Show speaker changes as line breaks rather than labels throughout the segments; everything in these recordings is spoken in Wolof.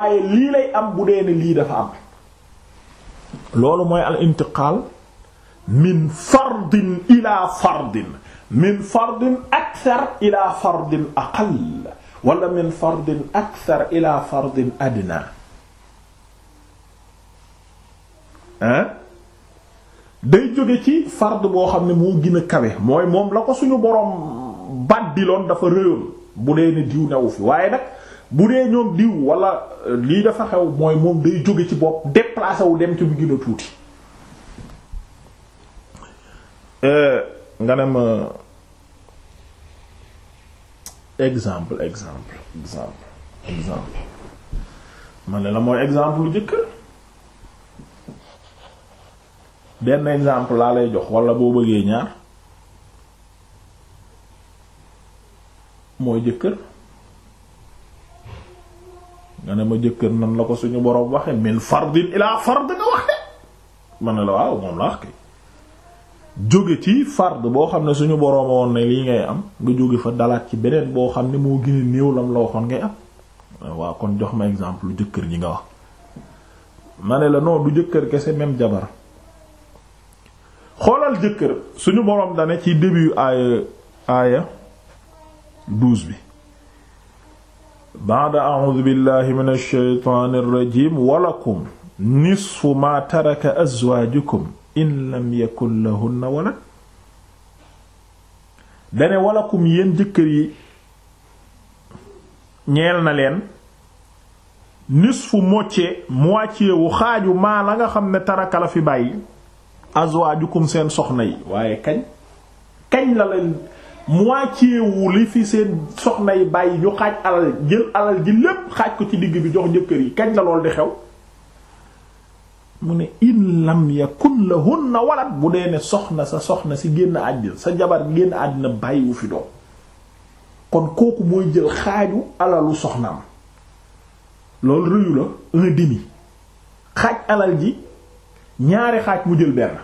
waaye lii lay am bu dee ne lii dafa am loolu mooy al intiqaal min fardin ila fardin min wala min fardin akthar ila fardin adna day jóge ci fard boo xam ne moo gën a kawe mooy moom la ko suñu boroom baddiloon dafa rëyoon bu dee ne diw newu fi waaye nag bu dee ñoom diw wala euh, lii dafa xew mooy moom day jóge ci bopp déplacé wu dem ci bu gën tuuti euh, nga ne ma exemple exemple exemple exemple ma ne la mooy exemple lu jëkk benn exemple laa lay jox wala boo bëggee ñaar mooy jëkkër nga ne ma jëkkër nan la ko suñu borom waxe min fardin ilaa fard nga ne la waaw moom la wax kay jóge ci fard boo xam ne suñu borooma woon ne lii ngay am nga jóge fa dalaat ci beneen boo xam ne moo gën a néew lam la waxoon ngay am waaw kon jox ma exemple lu jëkkër ji nga wax mane la non du jëkkër kese même jabar xoolal jëkkër suñu boroom dane ci début aaya aaya douze bi baada a'uudu billahi min ash-shaytaani rajiim walakum nisfu maa taraka azwaajukum in lam yakun lahunna walad dane walakum yéen jëkkër yi ñeel na leen nisfu moitié moitié wu xaaju maa la nga xam ne taraka la fi bàyyi azwaajukum seen soxna yi waaye kañ kañ la leen moitié wu li fi seen soxna yi bàyyi ñu xaaj alal jël alal ji lépp xaaj ko ci digg bi jox jëkkër yi kañ la lool di xew mu ne in lam yakun lahunna walad bu dee ne soxna sa soxna si génn àddina sa jabar génn àddina bàyyiwu fi doom kon kooku mooy jël xaaju alalu soxnaam loolu rëyu la un demi xaaj alal ji ñaari xaaj mu jël benn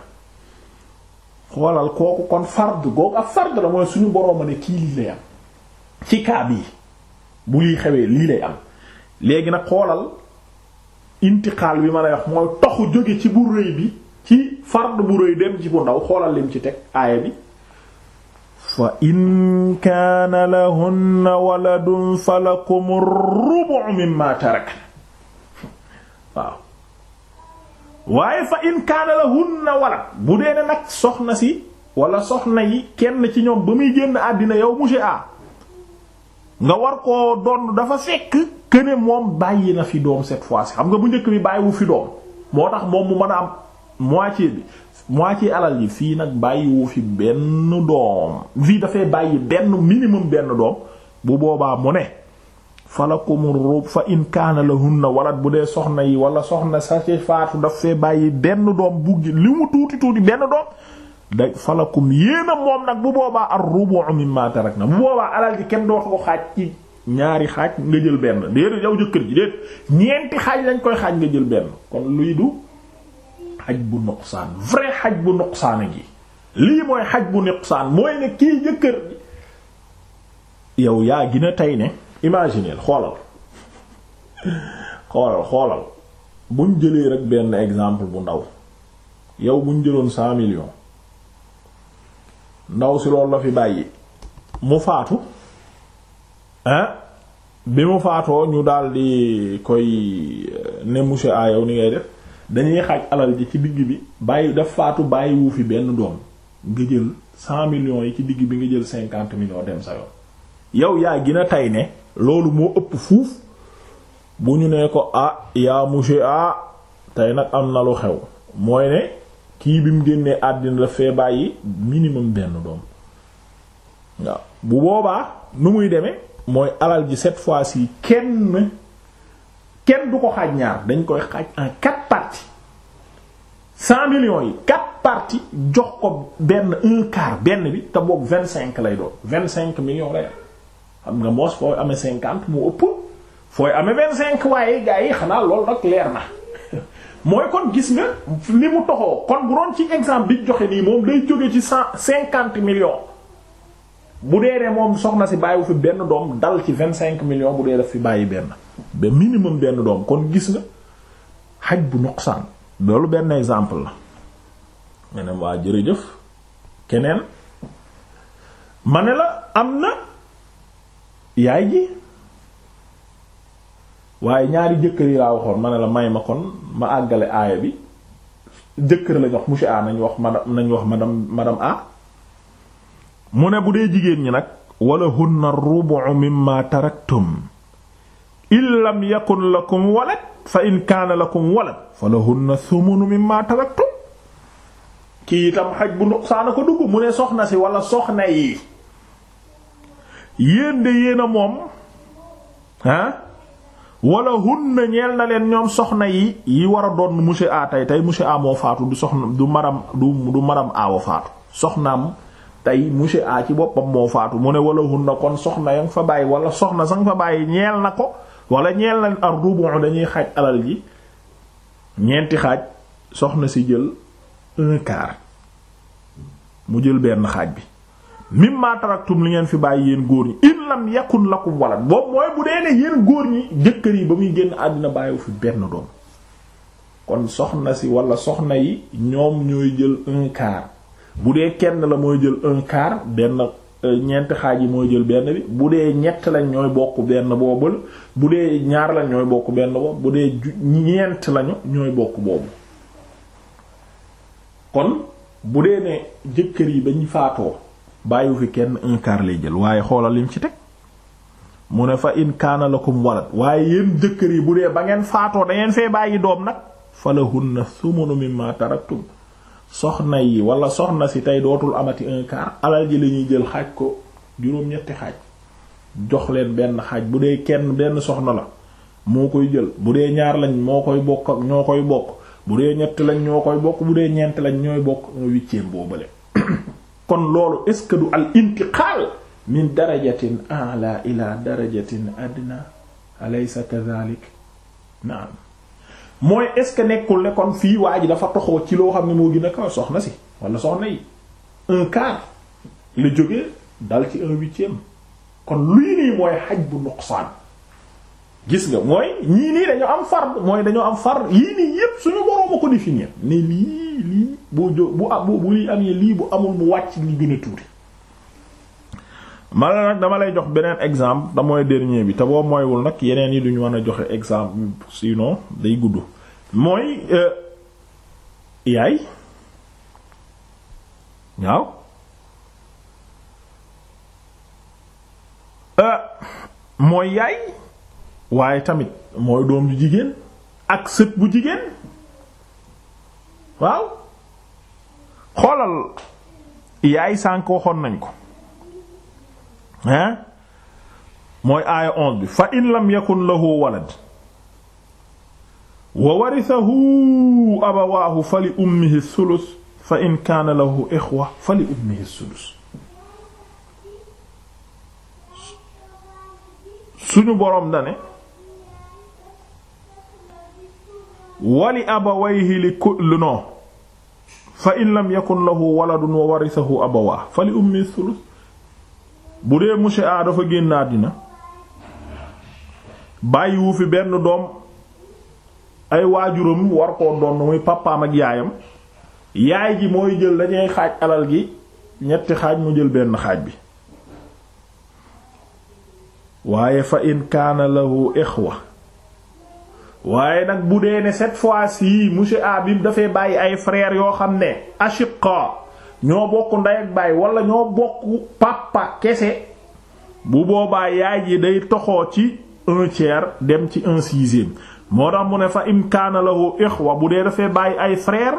xoolal kooku kon fard googu ak fard la mooy suñu borooma ne kii lii lay am ci kaa bii bu lii xewee lii lay am léegi nag xoolal intiqaal bi ma lay wax mooy toxu jóge ci bu rëy bi ci fard bu rëy dem ci bu ndaw xoolal lim ci teg aaya bi fa in kaana lahunna waladun falakum rubu mimma tarak waaw waaye fa in kaana na walad bu dee ne nag soxna si wala soxna yi kenn ci ñoom ba muy génn àddina yow monsieur ah nga war koo doon dafa fekk këne moom bàyyi na fi doom cette fois ci xam nga bu njëkk bi bàyyiwu fi doom moo tax moom mu mën a am moitié bi moitié alal yi fii nag bàyyiwu fi benn doom fii dafay bàyyi benn minimum benn doom bu boobaa mu ne falakum rub fa in kaana lahunna walad bu dee soxna yi wala soxna sa ci faatu daf fee bàyyi benn doom buggi li mu tuuti tuuti benn doom da falakum yéen a moom nag bu boobaa ar rubu' mimma tarakna bu boobaa alal ji kenn dootu ko xaaj ci ñaari xaaj nga jël benn déedéet yow jëkkër ji déet ñeenti xaaj lañ koy xaaj nga jël benn kon luy du xaj bu nuqsaan vrai xaj bu nuqsaan gi lii mooy xaj bu nuqsaan mooy ne kii jëkkër yow yaa gina imagineel xoolal xoolal xoolal buñ jëlee rek benn exemple bu ndaw yow buñ jëloon cent millions ndaw si loolu la fi bàyyi mu faatu hein bi mu faatoo ñu daldi koy euh, ne monsieur a yow ni ngay def dañuy xaaj alal ji ci digg bi bàyyi daf faatu bàyyiwu fi benn doom nga jël cent million yi ci digg bi nga jël cinquante millions dem sa yoon yow yaa gi a tay ne loolu moo ëpp fuuf bu ñu nee ko ah yaa monsieur ah tey nag am na xew mooy ne kii bi mu génnee àddina la fee bàyyi minimum benn doom waaw bu boobaa nu muy demee mooy alal ji cette fois-ci kenn kenn du ko xaaj ñaar dañ koy xaaj en quatre parties cent millions yi quatre parties jox ko benn un benn bi te boog vingt cinq lay doon vingt cinq millions lay am xam nga moos fooy amee cinquante mu ëpp fooy amee cinq waaye gars yi xanaa lool nag leer na mooy kon gis nga li mu toxoo kon bu doon ci exemple bi joxe nii moom day jóge ci cent cinquante millions bu dee dee moom soxna si bàyyiwu fi benn doom dal ci vingt cinq millions bu dee def fi bàyyi benn ba minimum benn doom kon gis nga xaj bu nuqsaan loolu benn exemple la meneen waa jërëjëf keneen ma la am na yaay ji waaye ñaari jëkkër yi laa waxoon ma ne la may ma kon ma àggale aaya bi jëkkër lañ wax monsieur A nañ wax ma nañ wax madame madame mu ne bu dee jigéen ñi nag walla hunna rubu'u mimma taraktum in lam yakun lakum walad fa in kaana lakum walad fa lahunna thumunu mimma taraktum kii itam xaj bu nuqsaana ko dugg mu ne soxna si wala soxna yi yéen de yéen moom ah wala hunna ñeel na leen ñoom soxna yi yi war a doon monsieur A tey tey monsieur moo faatu du soxna du maram du du maram awa faatu soxnaam tey monsieur ci boppam moo faatu mu ne wala hunna kon soxna ya fa bàyyi wala soxna sa fa bàyyi ñeel na ko wala ñeel na ar-rubu' dañuy xaaj alal ji ñeenti xaaj soxna si jël un mu jël benn xaaj bi. mimma taraktum li ngeen fi bàyyi yéen góor ñi in lam yakun lakum walad boobu mooy bu dee ne yéen góor ñi jëkkër yi ba muy génn àddina bàyyi fi benn doom kon soxna si wala soxna yi ñoom ñooy jël bu dee kenn la mooy jël un benn euh, ñeenti xaaj yi mooy jël benn bi bu dee ñett lañ ñooy bokk benn boobal bu dee ñaar lañ ñooy bokk benn bu dee ñeent lañu ñooy bokk boobu kon bu dee ne jëkkër yi bañ faatoo bàyyiwu fi kenn un lay jël waaye xoolal lim ci teg mu ne fa in kaana lakum walad waaye yéen jëkkër yi bu dee ba ngeen faatoo da ngeen fee bàyyi doom nag falahunna thumunu mimma taraktum soxna yi wala soxna si tey dootul amati un quart alal ji la ñuy jël xaaj ko juróom-ñetti xaaj jox leen benn xaaj bu dee kenn benn soxna la moo koy jël bu dee ñaar lañ moo koy bokk ñoo koy bokk bu dee ñett lañ ñoo koy bokk bu dee ñeent lañ ñooy bokk un huitième kon loolu est-ce que du al intiqaal min darajatin a'la ila darajatin adna alaysa kadhalik naam ce que nekkul ne kon fii waa ji dafa toxoo ci loo xam ne moo gën a kaw soxna si wala soxna yi un la jógee dal ci un huitième kon luy nii mooy xaj bu nuqsaan gis nga mooy ñii nii dañoo am fard mooy dañoo am fard yii nii yépp suñu boroom ko définir ne lii lii lii jo bu bu bu lii amee lii bu amul mu wàcc li gën tuuti. ma nag dama lay jox beneen exemple da mooy bi te boo mooywul nag yeneen yi duñu mën a joxe exemple sinon day gudd mooy euh, yaay waaw euh, waaye tamit mooy doom bu jigéen ak sët bu jigéen waaw xoolal yaay sànk waxoon nañ ko hein mooy aaya onze bi fa in lam yakun lahu walad wa warithahu abawaahu fa li ummihi thuluth fa in kaana lahu ixwa fa li ummihi thuluth suñu boroom dane wali abawayhi li kulli non fa in lam yakun lahu waladun wa warisahu abawaa fa li ummi sulus bu dee monsieur a dafa génn àddina bàyyiwu fi benn doom ay waajuram war koo doon muy pàppaam ak yaayam yaay ji mooy jël dañuy xaaj alal gi ñetti xaaj mu jël benn xaaj bi waaye fa in kaana lahu waaye nag bu dee ne cette fois-ci monsieur Abim dafay bàyyi ay frères yoo xam ne ashiqa ñoo bokk ndey ak baay wala ñoo bokk papa kese bu boobaa yaay ji day toxoo ci un dem ci un sixième moo tax mu ne fa imkaana lahu bu dee dafay bàyyi ay frères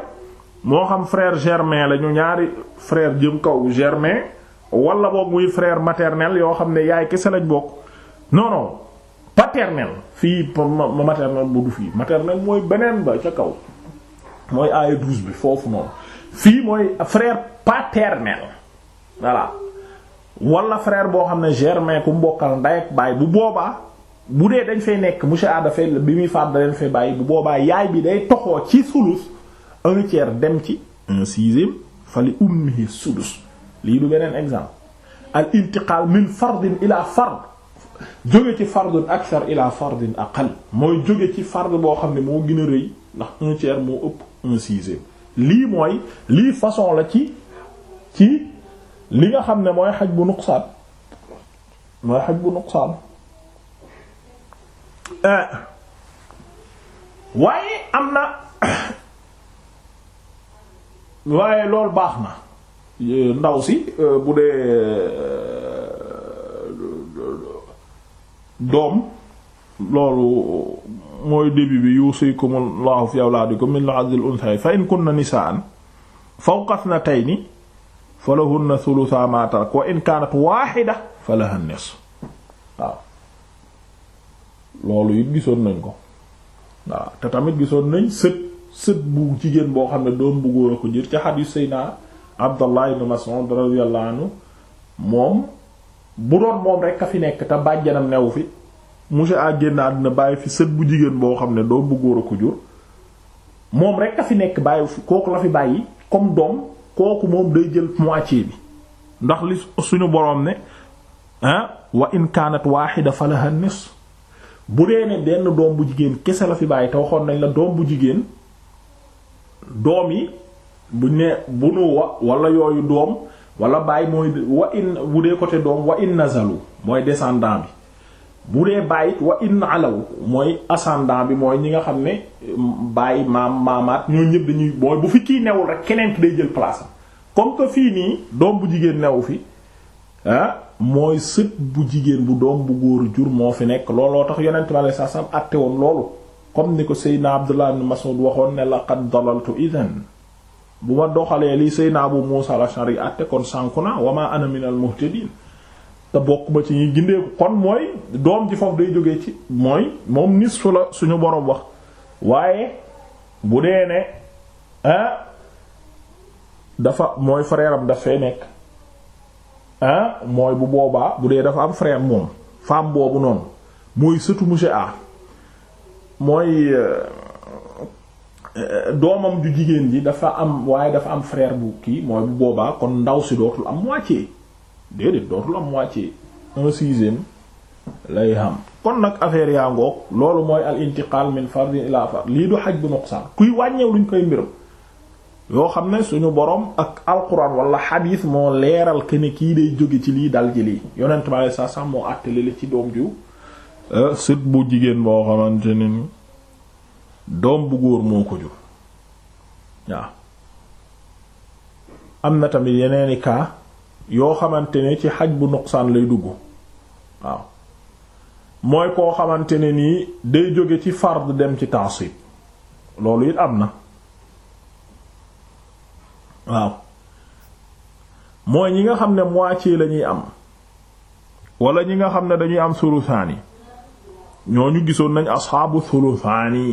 moo xam frère germain la ñu ñaari frère jëm kaw germain wala boog muy frère maternel yoo xam ne yaay kese lañ bokk non paternel fii maternel bu du fii maternel mooy beneen ba ca kaw mooy aaya douze bi foofu noonu fii mooy frère paternel voilà wala frère boo xam ne germain ku mbokkal nday ak baay bu boobaa bu dee dañ fay nekk monsieur a dafay bi muy faat da leen bàyyi bu boobaa yaay bi day toxoo ci sulus un dem ci un sixième fa li ummihi sulus lii du beneen exemple al intiqal min fardin ila fard jóge ci fardun akthar ila fardin aqal mooy jóge ci fard boo xam ne moo gën a rëy ndax un tiers moo ëpp un sixième lii mooy lii façon la ci ci li nga xam ne mooy xaj bu nuqsaan mooy eh. waaye am na waaye loolu baax na ndaw si euh, bu dee euh, doom loolu mooy début bi yuusikumullahu fi awlaadikum min hadhil unthay fa in kunna nisaan fawqa ithnatayni falahunna thulutha ma tarak wa in kaanat waahida falaha nisf waaw loolu it gisoon nañ ko waaw te tamit gisoon nañ sët sët bu jigéen boo xam ne doom bu góor a ko jër ca xadiis Seydina Abdallah ibn Mas'ud radiyallahu anhu moom bu doon moom rekk a fi nekk te bàjjanam newu fi monsieur a génn àdduna bàyyi fi sët bu jigéen boo xam ne doo bu góor a ko jur moom rek a fi nekk bàyyi fi kooku la fi bàyyi comme doom kooku moom day jël moitié bi ndax li suñu boroom ne ah wa in kaanat waaxida falaha bu dee ne benn doom bu jigéen kese la fi bàyyi te waxoon nañ la doom bu jigéen doom yi buñ ne bu nu wa yooyu doom wala baay mooy wa in bu dee côté doom wa in nazalu mooy descendant bi bu dee baay it wa in alaw mooy ascendant bi mooy ñi nga xam ne baay maam maamaat ñoo ñëpp dañuy mooy bu fi kii newul rek keneen ki day jël place am comme fii nii doom bu jigéen newu fi ah mooy sët bu jigéen bu doom bu góor jur moo fi nekk looloo tax yonent bi alayhi salaam àtte woon loolu comme ni ko Seydina Abdullah ibn Mas'ud waxoon ne laqad dalaltu idan bu ma doxalee li Seydina Abu Muusa al-Ash'ari atte kon sànku na wa ma ana minal muhtadin te bokk ma ci ñi gindeeku kon mooy doom ji foofu day jógee ci mooy moom nisfu la suñu boroom wax waaye bu dee ne ah, dafa mooy frère am dafay nekk ah mooy bu boobaa bu dee dafa am frère moom femme boobu noonu mooy sëtu monsieur mooy. Euh, doomam ju jigéen ji dafa am waaye dafa am frère bu kii mooy bu boobaa kon ndaw si dootul am moitié déedéet dootul am moitié un sixième lay xam kon nag affaire yaa ngoog loolu mooy al intiqal min fardin ila fard lii du xaj bu nuqsaan kuy wàññeew luñ koy mbiram yoo xam ne suñu borom ak alquran wala xadiis moo leeral ke ne kii day jóge ci lii dal ji lii yonent bi alei sax moo àttali la ci doom ju euh, sët bu jigéen boo xamante ne ni doom bu góor moo ko jur waaw am na tamit yeneeni cas yoo xamante ne ci xaj bu nuqsaan lay dugg waaw mooy koo xamante ne nii day jóge ci fard dem ci taasib loolu it am na waaw mooy ñi nga xam ne moitié la lañuy am wala ñi nga xam ne dañuy am sulusaani ñooñu gisoon nañ asxaabu sulusaani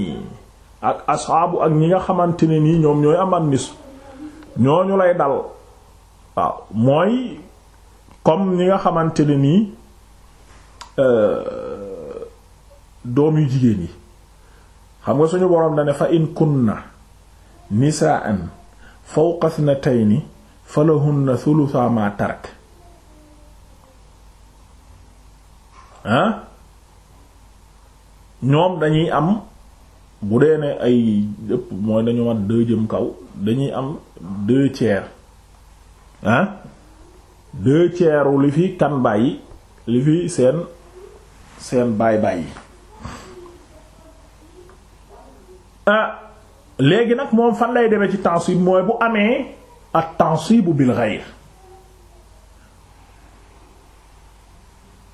ak asxaabu ak ñi nga xamante ne nii ñoom ñooy am amnistie ñooñu lay dal waaw mooy comme ñi nga xamante ne nii euh, doom yu jigéen yi xam nga suñu boroom dane fa in na nisaan fawqa thnatayni falahunna thulutha ma tarak ah ñoom dañuy am bu dee ne ay ëpp mooy dañu mat deux jëm kaw dañuy am deux tiers ah deux tiers li fi kan bàyyi li fi seen seen baay bàyyi ah léegi nag moom fan lay demee ci tansib mooy bu amee ak tansibu bil ghayr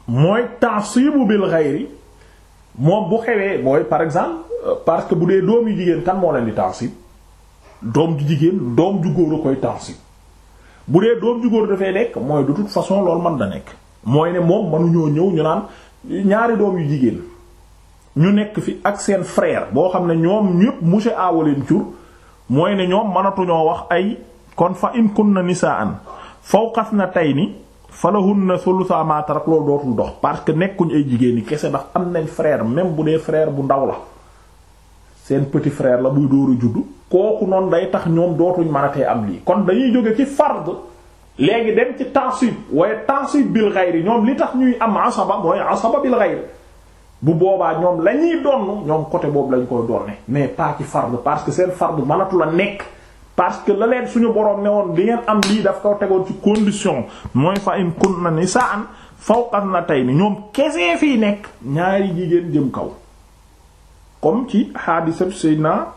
mooy tansibu bil ghayri moom bu xewee mooy par exemple parce que bu dee doom yu jigéen kan moo leen di tansib doom ju jigéen doom ju góor a koy tansib bu dee doom ju góor dafay nekk mooy de toute façon loolu man da nekk mooy ne moom mënuñoo ñëw ñu naan ñaari doom yu jigéen ñu nekk fi ak seen frère boo xam ne ñoom ñépp monsieur awaleen cur mooy ne ñoom mënatuñoo wax ay kon fa na xas na nisaan fawqathnatayni falahunna na ma tarak loolu dootul dox parce que nekkuñ ay jigéen yi kese ndax am nañ freer même bu dee frère bu ndaw la seen petit frère la buy dóor a juddu kooku noonu day tax ñoom dootuñ mënatee am lii kon dañuy jóge ci fard léegi dem ci taasib waaye taasib bil xayri ñoom li tax ñuy am asaba mooy asaba bil xayri bu boobaa ñoom la ñuy donn ñoom côté boobu lañ koy donne mais pas ci fard parce que seen fard mënatu la nekk parce que la suñu boroom ne woon li ngeen am lii daf ko tegoon ci condition mooy fa in kunna nisaan fawqan natayni ñoom kesee fii nekk ñaari jigéen jëm kaw comme ci xaadisab Seydina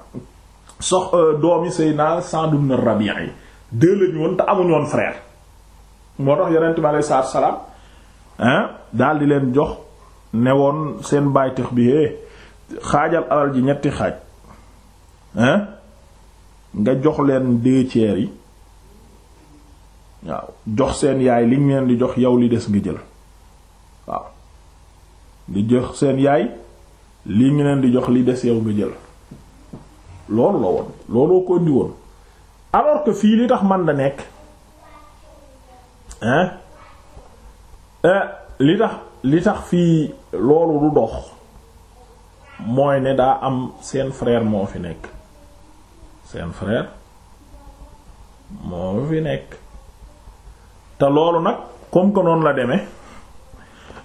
sox euh, doomi Seydina Sa'd ibn Rabi'a yi deux lañu woon te amuñu woon frère moo tax yonent bi aleyhi salaam hein daal leen jox ne woon seen bàytix bi eh, xaajal alal ji ñetti xaaj hein nga jox leen deux tiers yi waaw jox seen yaay li leen di jox yow li des nga jël waaw di jox seen yaay lii ngi leen di jox li des yow nga jël loolu la woon looloo ko indi woon alors fii li tax man la nekk hein euh, li tax li tax fii loolu du dox mooy ne daa am seen freer moo fi nekk seen freer moo fi nekk te loolu nag comme que la deme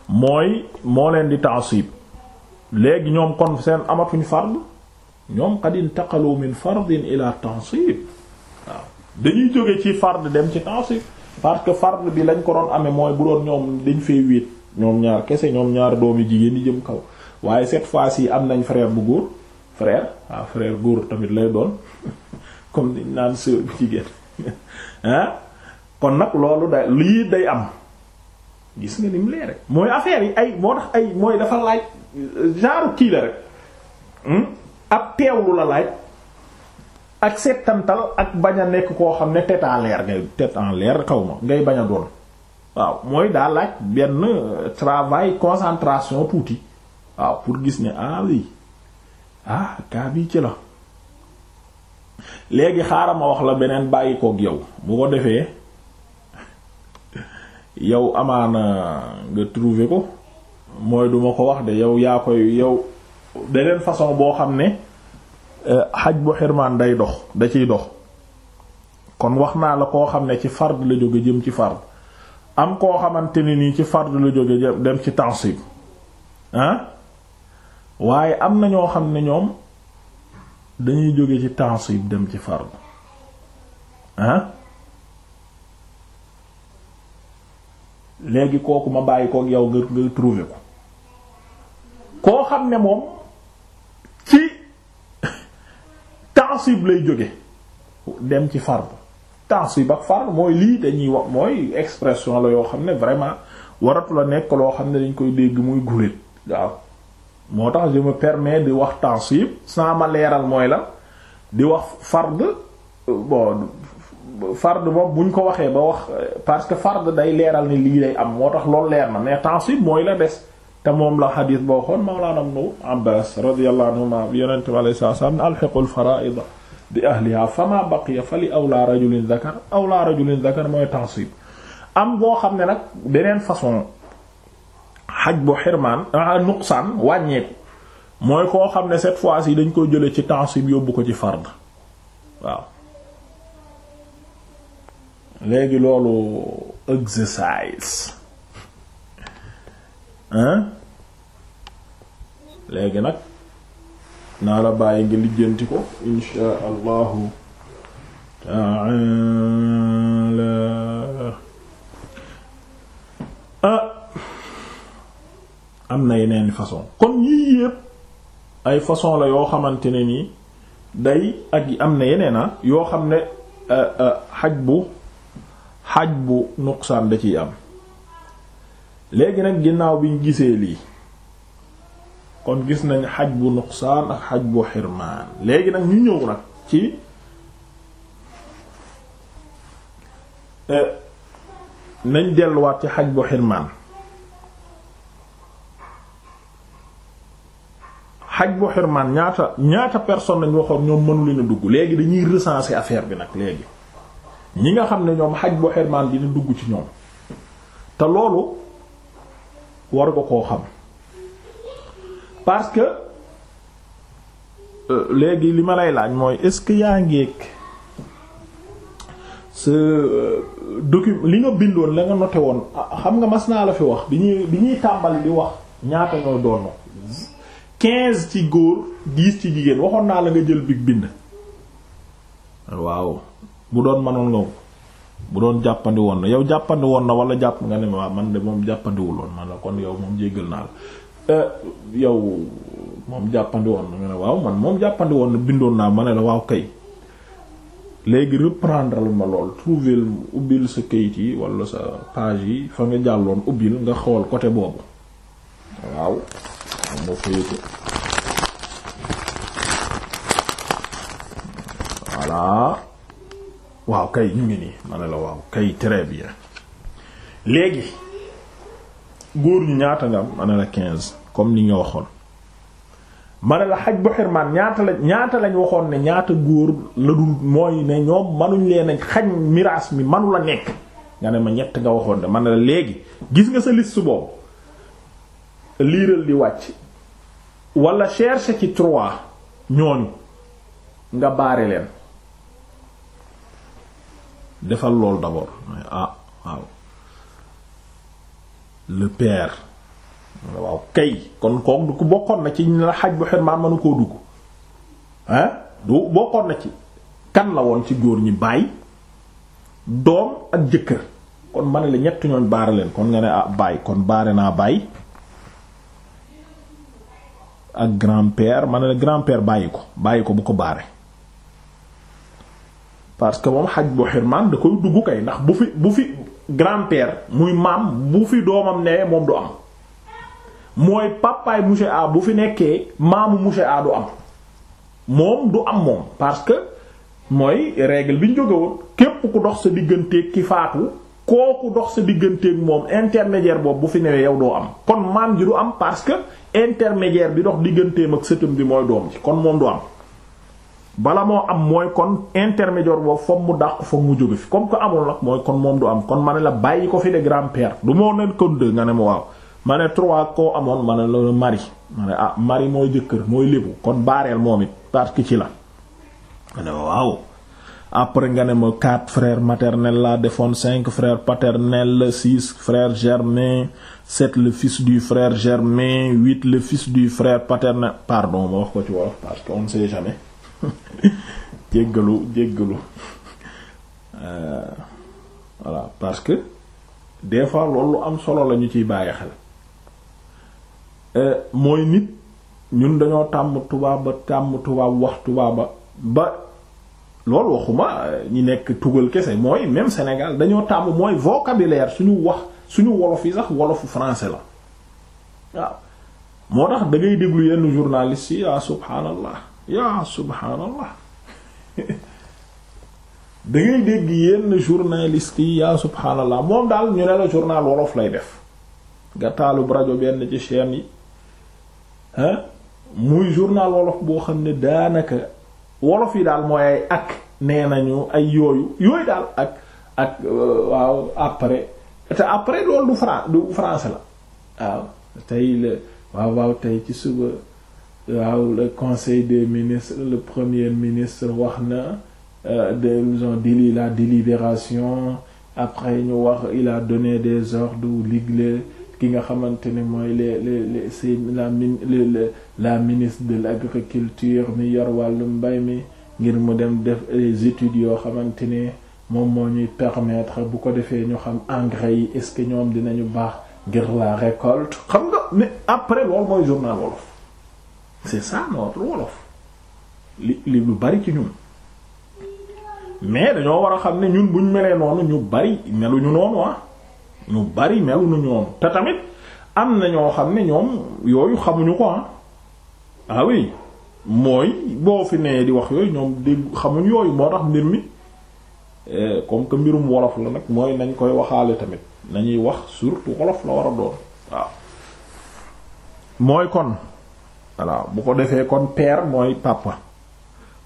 mooy moo leen di taasib léegi ñoom kon seen amatuñ fard ñoom qad intaqalu min fardin ila tansib waaw dañuy jóge ci fard dem ci tansib parce que fard bi lañ ko doon amee mooy bu doon ñoom dañ fee wéet ñoom ñaar kese ñoom ñaar yi jigéen ñi jëm kaw waaye cette fois-ci am nañ frère bu góor frère waaw frère góor tamit lay doon comme niñ naan sœur bu jigéen hein kon nag loolu day lii day am gis nga ni leere mooy affaire yi ay moo tax ay mooy dafa laaj genre kii la rek hmm? ab teewlu la laaj ak settantal ak bañ a nekk koo xam ne tête en l'air ngay tête en l'air xaw ma ngay bañ a doon waaw mooy daa laaj benn euh, travail concentration tuuti waaw pour gis ne ah oui ah, ci la léegi xaaral ma wax la beneen bàyyi koog yow bu ko defee yow amaana nga trouver ko mooy duma ko wax de yow yaa koy yow beneen façon boo xam ne eh, xaj bu xirmaan day dox da ciy dox kon wax naa la koo xam ne ci fard la jóge jëm ci fard am koo xamante ni nii ci fard la jóge jëm dem ci tansib ah waaye am na ñoo xam ne ñoom dañuy jóge ci tansib dem ci fard ah léegi kooku ma bàyyi kook yow nga nga trouver ko koo xam ne moom ci taasib lay jóge dem ci fard taasib ak fard mooy lii dañuy wax mooy expression la yoo xam ne vraiment waratu la nekk loo xam ne dañ koy dégg muy guléet waaw moo tax je me permets di wax taasib sans ma leeral mooy la di wax fard euh, bon fard moom buñ ko waxee ba wax parce que fard day leeral ni lii day am moo tax loolu leer na mais tansib mooy la des te moom la xadiis boo xoon mawlaana ibnu Abbaas radiyallahu anhuma bi yonente bi alayhi salaam ne alxiqu alfaraida bi ahliha fama baqiya fa li awlaa rajulin zakar awlaa rajulin zakar mooy tansib am boo xam ne nag beneen façon xaj bu xirmaan ah, nuqsaan wàññeeku mooy koo xam ne cette fois-ci dañ koy jële ci tansib yóbbu ko ci fard waaw léegi loolu exercice hein léegi nag naa la bàyyi nga lijjanti ko insha allahu taala ah, am na yeneen façon kon yii yépp ay façon la yoo xamante ne nii day ak am na yeneen ah, yoo xam ne eh, eh, xaj bu xaj bu nuqsaan da ci am léegi nag ginnaaw biñ gisee lii kon gis nañ xaj bu nuqsaan ak xaj bu xirmaan léegi nag ñu ñëw nag ci eh, nañ delluwaat ci xaj bu xirmaan xaj bu xirmaan ñaata ñaata personne lañ waxook ñoom mënu leen a dugg léegi dañuy recenser affaire bi nag léegi ñi nga xam ne ñoom xaj bu xirmaan dina dugg ci ñoom te loolu war nga koo xam parce que euh, léegi li ma lay laaj mooy est-ce que yaa ngeek euh, sa document li nga bindoon la nga noté woon ah, xam nga mas naa la fi wax bi ñuy bi ñuy tàmbali di wax ñaata ñoo doon quinze ci góor dix ci jigéen waxoon naa la nga jël big bind waaw bu doon mënoon nga bu doon jàppandi woon na yow jàppandi woon na wala jàpp nga ne ma man de moom jàppandiwul woon man la kon yow moom jéggal naa la euh, yow moom jàppandi woon na waaw man moom jàppandi woon na bindoon naa ma ne la waaw kay léegi reprendre ma lool trouver ubbil sa kayit yi walla sa page yi fa nga jàlloon ubbil nga xool côté boobu waaw am nga faytu voilà waaw kay ñu ngi nii ma la waaw kay très bien léegi góor ñu ñaata nga am ma la quinze comme ni nga waxoon ma ne la xaj bu xirmaan ñaata la ñaata lañ waxoon ne ñaata góor la dul mooy ne ñoom manuñ leen a xañ miraas mi manu la nekk nga ne ma ñett nga waxoon de ma ne la léegi gis nga sa liste boobu liiral di wàcc wala cherche ci trois ñooñu nga baare leen defal loolu d'abord ah waaw le père waaw kay kon kook du bokkoon na ci ñu la xaj bu xirmaan mënu koo dugg ah du bokkoon na ci kan la woon ci góor ñi baay doom ak jëkkër kon ma la ñett ñooñ baare leen kon nga ne ah baay kon baare naa baay ak grand-père ma la grand-père bàyyi ko bàyyi ko bu ko baare parce que moom xaj bu xirmaan da koy dugg kay ndax bu fi bu fi grand-père muy maam bu fi doomam nee moom du am mooy papaay monsieur A bu fi nekkee maamu monsieur A am moom du am moom parce que mooy règle bi ñu jóge képp ku dox sa digganteeg ki faatu kooku dox sa digganteeg moom intermédiaire boobu bu fi newee yow doo am kon maam ji du am parce que intermédiaire bi dox digganteem ak sëtam bi mooy doom ji kon moom du am bala moo am mooy kon intermédiaire boo foog mu dàq foog mu jóge fi comme que amul nag mooy kon moom du am kon ma ne la bàyyi ko fi de grand-père du moo ne kon deux nga ne ma waaw ma ne trois koo amoon ma ne la mari ma ne ah mari mooy jëkkër mooy lébu kon baareel moom it parce que ci la ma ne waaw après nga ne ma quatre frères maternels la defoon cinq frères paternels six frères germains sept le fils du frère germain huit le fils du frère paternel pardon ma wax ko jéggalu jéggalu euh, voilà parce que des fois loolu am solo la ñu ciy bàyyi xel euh, mooy nit ñun dañoo tàmm ba tàmm tubaab wax tubaaba ba loolu waxuma euh, ñi nekk tugal kese mooy même senegal dañoo tàmm mooy vocabulaire suñu wax suñu wolof yi sax wolofu français la waaw moo tax da déglu yenn journalistes yi ah subhaanallah yaa subhaanallah da dégg yenn journaliste yi yaa subhaanallah moom daal ñu ne la journal wolof lay def nga taalub rajo benn ci chaîne yi muy journal wolof boo xam ne daanaka wolof yi daal mooy ay ak nee nañu ay yooyu yooyu daal ak ak euh, waaw après te après loolu du fran du français la waaw tey waaw waaw tey ci suba waaw le conseil des ministres le premier ministre wax na euh, ils ont dit la délibération après ñu wax il a donné des ordres ligle ki nga xamante ne mooy les les les c'est la la ministre de l'agriculture mi yor wàllum mbay mi ngir mu dem def les études yoo xamante ne moom moo ñuy permettre bu ko defee ñu xam engrais yi est-ce que ñoom dinañu baax ngir la récolte xam nga mais après loolu mooy journal wolof c'est ça notre wolof li lu bari ci ñun mais dañoo war a xam ne ñun buñ melee noonu ñu bari meluñu noonu ah ñu bari meluñu noonu te tamit am na ñoo xam ne ñoom yooyu xamuñu ko ah ah mooy boo fi nee di wax yooyu ñoom dégg xamuñ yooyu moo tax mbir mi eh, comme que mbirum wolof la nag mooy nañ koy waxaale tamit nañuy wax surtout wolof la war a doon waaw mooy kon. voilà bu ko defee kon père mooy papa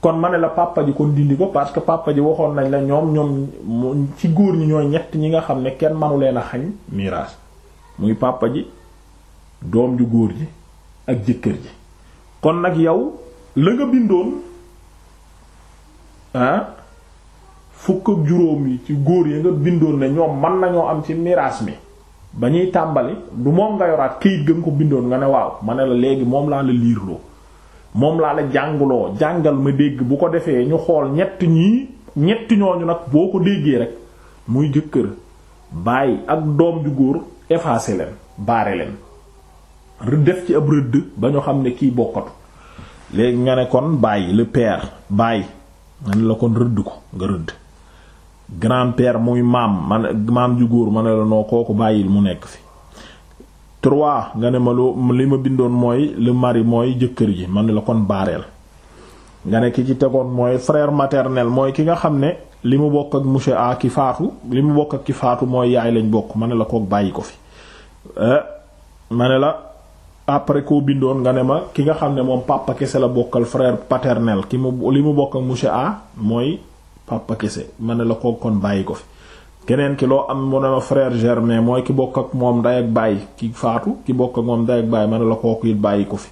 kon ma ne la papa ji kon dindi ko parce que papa ji waxoon nañ la ñoom ñoom ci góor ñi ñoo ñett ñi nga xam ne kenn manu leen a xañ miraas muy papa ji doom ju góor ji ak jëkkër ji kon nag yow la nga bindoon ah fukk juróom yi ci góor yi nga bindoon ne ñoom mën nañoo am ci miraas mi ba ñuy tàmbali du moom nga yoraat këyit gën ko bindoon nga ne waaw ma ne la léegi moom laa la liirloo moom laa la jàngloo jàngal ma dégg bu ko defee ñu xool ñett ñii ñetti ñooñu nag boo ko déggee rek muy jëkkër bàyyi ak doom ju góor effacé leen baare leen def ci ab rëdd ba ñu xam ne kii bokkatu léegi nga ne kon bàyyi le père bàyyi nga ne la kon rëdd ko nga rëdd grand-père muy maam man maam ju góor ma ne la noo kooku bàyyil mu nekk fi trois nga ne ma loo li ma bindoon mooy le mari mooy jëkkër ji man la kon baareel nga ne ki ci tegoon mooy frère maternel mooy ki nga xam ne li mu bokk ak monsieur a ki faatu li mu bokk ak ki faatu mooy yaay lañ bokk ma ne la kook bàyyi ko fi eh, ma ne la après koo bindoon nga ne ma ki nga xam ne moom papa la bokkal frère ki mu li mu bokk ak monsieur mooy papa kese ma ne la ko kon bàyyi ko fi keneen ki loo am mu ne ma frère germain mooy ki bokk ak moom nday ak baay ki faatu ki bokk ak moom nday ak baay ma ne la kooku it bàyyi ko fi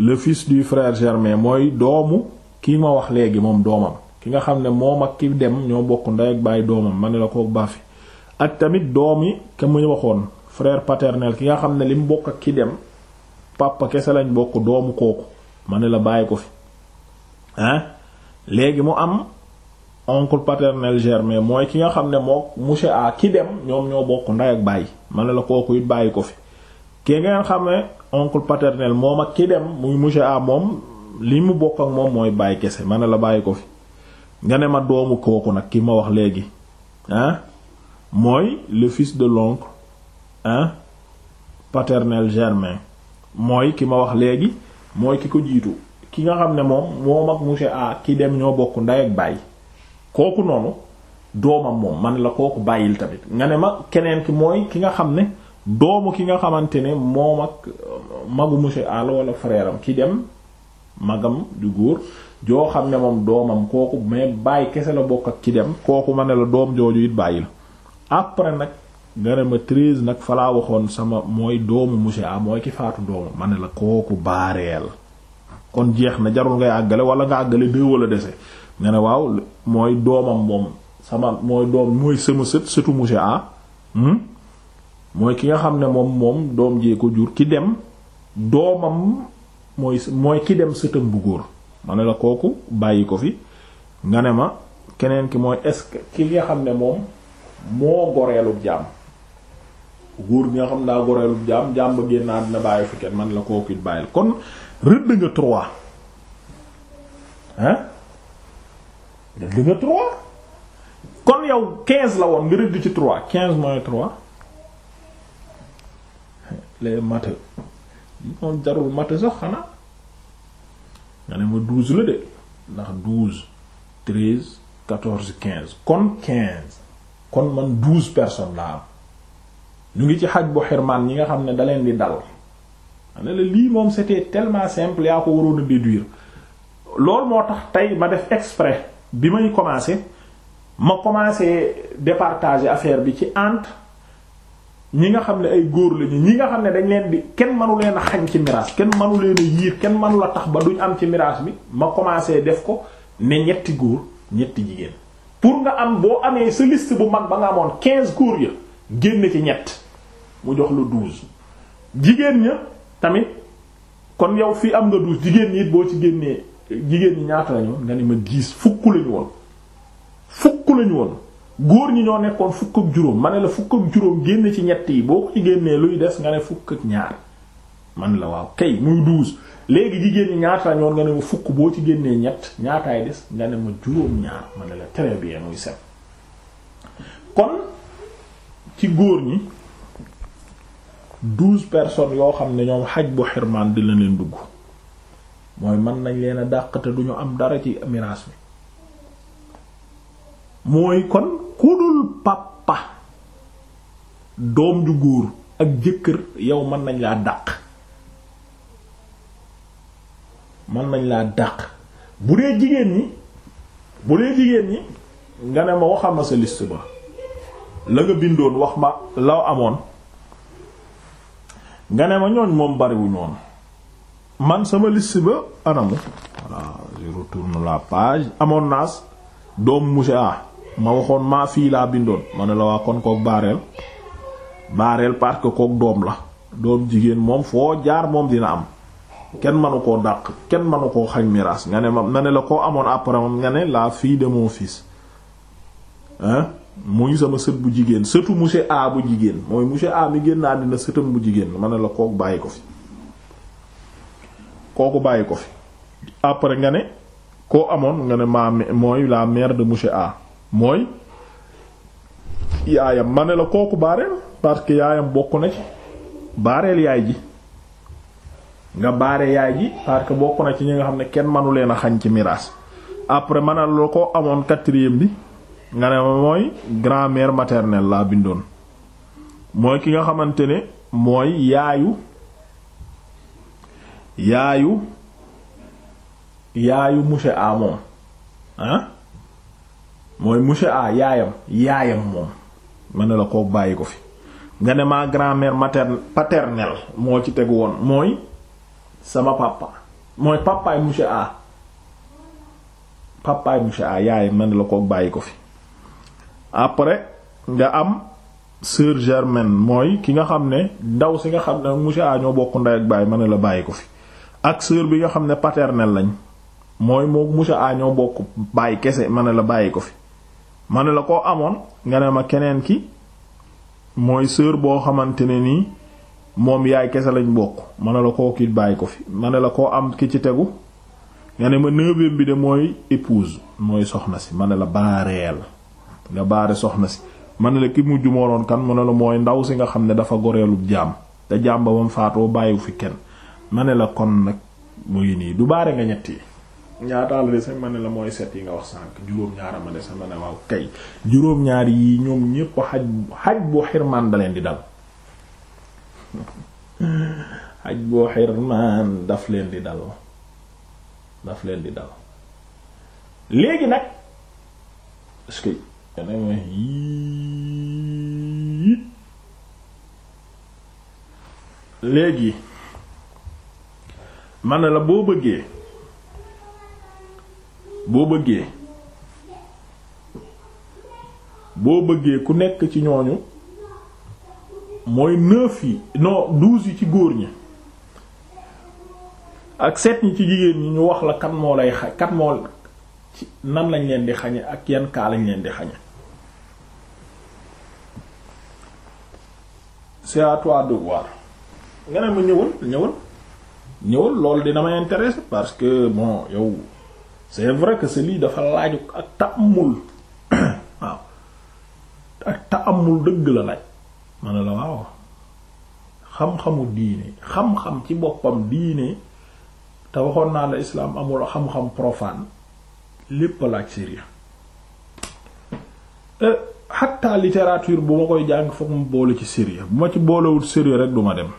le fils du frère germain mooy doomu kii ma wax léegi moom doomam ki nga xam ne moom ak ki dem ñoo bokk nday ak baay doomam ma ne la kooku baa fi ak tamit doom yi ka mu waxoon frère paternel ki nga xam ne li bokk ak ki dem papa kese lañ bokk doomu kooku ma ne la bàyyi ko fi ah léegi mu am oncle paternel germain mooy ki nga xam ne mook monsieur A ki dem ñoom ñoo bokk nday ak bàyyi ma ne la kookuy bàyyi ko fi kii ngeen xam ne oncle moom ak ki dem muy monsieur A moom li mu bokk ak moom mooy bàyyi kese ma ne la bàyyi ko fi nga ne ma doomu kooku nag ki ma wax léegi ah mooy le fils de l'oncle ah paternel germain mooy ki ma wax léegi mooy ki ko jiitu ki nga xam ne moom moom ak monsieur A ki dem ñoo bokk nday ak bàyyi kooku noonu doomam moom man la kooku bàyyil tamit nga ne ma keneen ki mooy ki nga xam ne doomu ki nga xamante ne moom ak euh, magu monsieur àll wala frère am ki dem magam du góor joo xam ne moom doomam kooku mais bàyyi kese la bokk ak ki dem kooku ma ne la doom jooju it bàyyil après nag nga ne ma treize nag falaa waxoon sama mooy doomu monsieur a mooy ki faatu doomu ma ne la kooku baareel kon jeex na jarul ngay àggale wala nga àggale deux wala dese ne waaw mooy doomam moom sama mooy doom mooy sama sët sëtu monsieur A hmm? mooy ki nga xam ne moom moom doom jee ko jur ki dem doomam mooy mooy ki dem sëtam bu góor ma ne la kooku bàyyi ko fi nga ne ma keneen ki mooy est-ce que ki nga xam ne moom moo goreelu jaam góor gi nga xam daa goreelu jaam jàmm ba génnaa dina bàyyi fi kenn man la kooku it bàyyil kon rëdd nga trois hein rëdd nga kon yow 15 la woon nga rëdd ci 3 15 moins 3 les maths moom jarul maths sax xanaa nga ne ma 12 la de ndax 12 13 14 15 kon 15 kon man 12 personnes laa am ngi ci xaj bu xirmaan ñi nga xam ne da leen di dal ne la lii moom c'était tellement simple yaa ko waroon a déduire loolu moo tax tey ma def exprès bi may commencé ma commencé départager affaire bi ci entre ñi nga xam ne ay góor lañu ñi nga xam ne dañ leen bi kenn mënu leen a xañ ci miraas kenn mënu leen a yiir kenn mënu la tax ba duñ am ci miraas bi ma commencé def ko ne ñetti góor ñetti jigéen pour nga am boo amee sa bu mag ba nga amoon quinze góor ya génn ci ñett mu jox la douze jigéen ña tamit kon yow fii am nga douze jigéen ñi boo ci génnee jigéen ñi ñaata lañu woon nga ne ma dix fukk lañu woon fukk lañu woon góor ñi ñoo nekkoon fukk ak juróom ma ne la fukk ak juróom génn ci ñett yi boo ko ci génnee luy des nga ne fukk ak ñaar man la waaw kay muy douze léegi jigéen ñi ñaata lañu woon nga ne ma fukk boo ci génnee ñett ñaataay des nga ne ma juróom ñaar ma ne la très bien muy set kon ci góor ñi douze personnes yoo xam ne ñoom xaj bu xirmaan di leen dugg mooy mën nañ leen a dàq te duñu am dara ci miraas bi mooy kon ku dul doom ju góor ak jëkkër yow mën nañ laa dàq mën nañ laa dàq bu dee jigéen ñi bu dee jigéen ñi nga ne ma waxal ma sa liste ba la nga bindoon wax ma la amoon nga ne ma ñooñ moom bariwuñoon man sama liste ba anamu amoon naas doomu monsieur A ma waxoon maa fii laa bindoon ma ne la waa kon kook baareel baareel parce kook doom la doom jigéen moom foo jaar moom dina am kenn manu koo dàq kenn manu koo xañ miraas nga ne ma ne la koo amoon après moom nga ne la fille de mon fils hein muy sama sët bu jigéen sëtu monsieur bu jigéen mooy monsieur A mi génn àddina sëtam bu jigéen ma ne la kook bàyyi ko fi kooku bàyyi ko fi après nga ne koo amoon nga ne maa mooy la mère de monsieur A mooy yaayam ma ne la kooku baareel parce que yaayam bokk na ci baareel yaay ji nga baare yaay ji parce que bokk na ci ñi nga xam ne kenn manu leen a xañ ci miraas après ma ne la koo amoon quatrième bi nga ne mooy grand-mère maternelle laa bindoon mooy ki nga xamante ne mooy yaayu. yaayu yaayu monsieur A moom ah? mooy monsieur yaayam yaayam moom ma ne la koo bàyyi ko fi nga ne ma grand-mère maternelle moo ci tegu woon mooy sama papa mooy papaay monsieur A papaay monsieur A yaayam ma ne la koo bàyyi ko fi après nga am sœur germaine mooy ki nga xam ne ndaw si nga xam ne monsieur A ñoo bokk ndey ak baay ma ne la bàyyi ko fi. ak sœur bi nga xam ne paternel lañ mooy moo monsieur a bokk bàyyi kese ma ne la bàyyi ko fi ma ne la koo amoon nga ne ma keneen ki mooy sœur boo xamante ne nii moom yaay kese lañ bokk ma ne la koo ki bàyyi ko fi ma ne la koo am ki ci tegu nga ne ma neuvième bi de mooy épouse mooy soxna si ma ne la baareel nga baare soxna si ma ne la ki mujj moo doon kan ma ne la mooy ndaw si nga xam ne dafa goreelub jaam te jaam ba bam faatoo bàyyiwu fi kenn ma ne la kon nag mu ngi nii du baare nga ñett yi ñaata la dese ma ne la mooy set yi nga wax sànq juróom-ñaar ma dese ma ne waaw kay juróom-ñaar yi ñoom ñépp xaj xaj xirmaan da leen di dal xaj boo xirmaan daf leen di dal daf di léegi nag léegi mane la boo bëggee boo bëggee boo bëggee ku nekk ci ñooñu mooy neuf yi non douze yi ci góor ñi ak sept ñi ci jigéen ñi ñu wax la kan moo lay xa kan moo ci nan lañ leen di xañe ak yan kaa lañ leen di xañe c'est à toi de voir nga ne ma ñëwal ñëwal ñëwal loolu dina ma intéresser parce que bon yow c'est vrai que c'est lii dafa laaju ak ta'ammul waaw ak ta'ammul dëgg la laaj ma ne la waaw xam-xamu diine xam-xam ci boppam diine te waxoon naa la islaam amul xam-xam profane lépp laaj sérieux euh, hatta littérature bu ma koy jàng fokk mu boole ci sérieux bu ma ci boolewul sérieux rek duma dem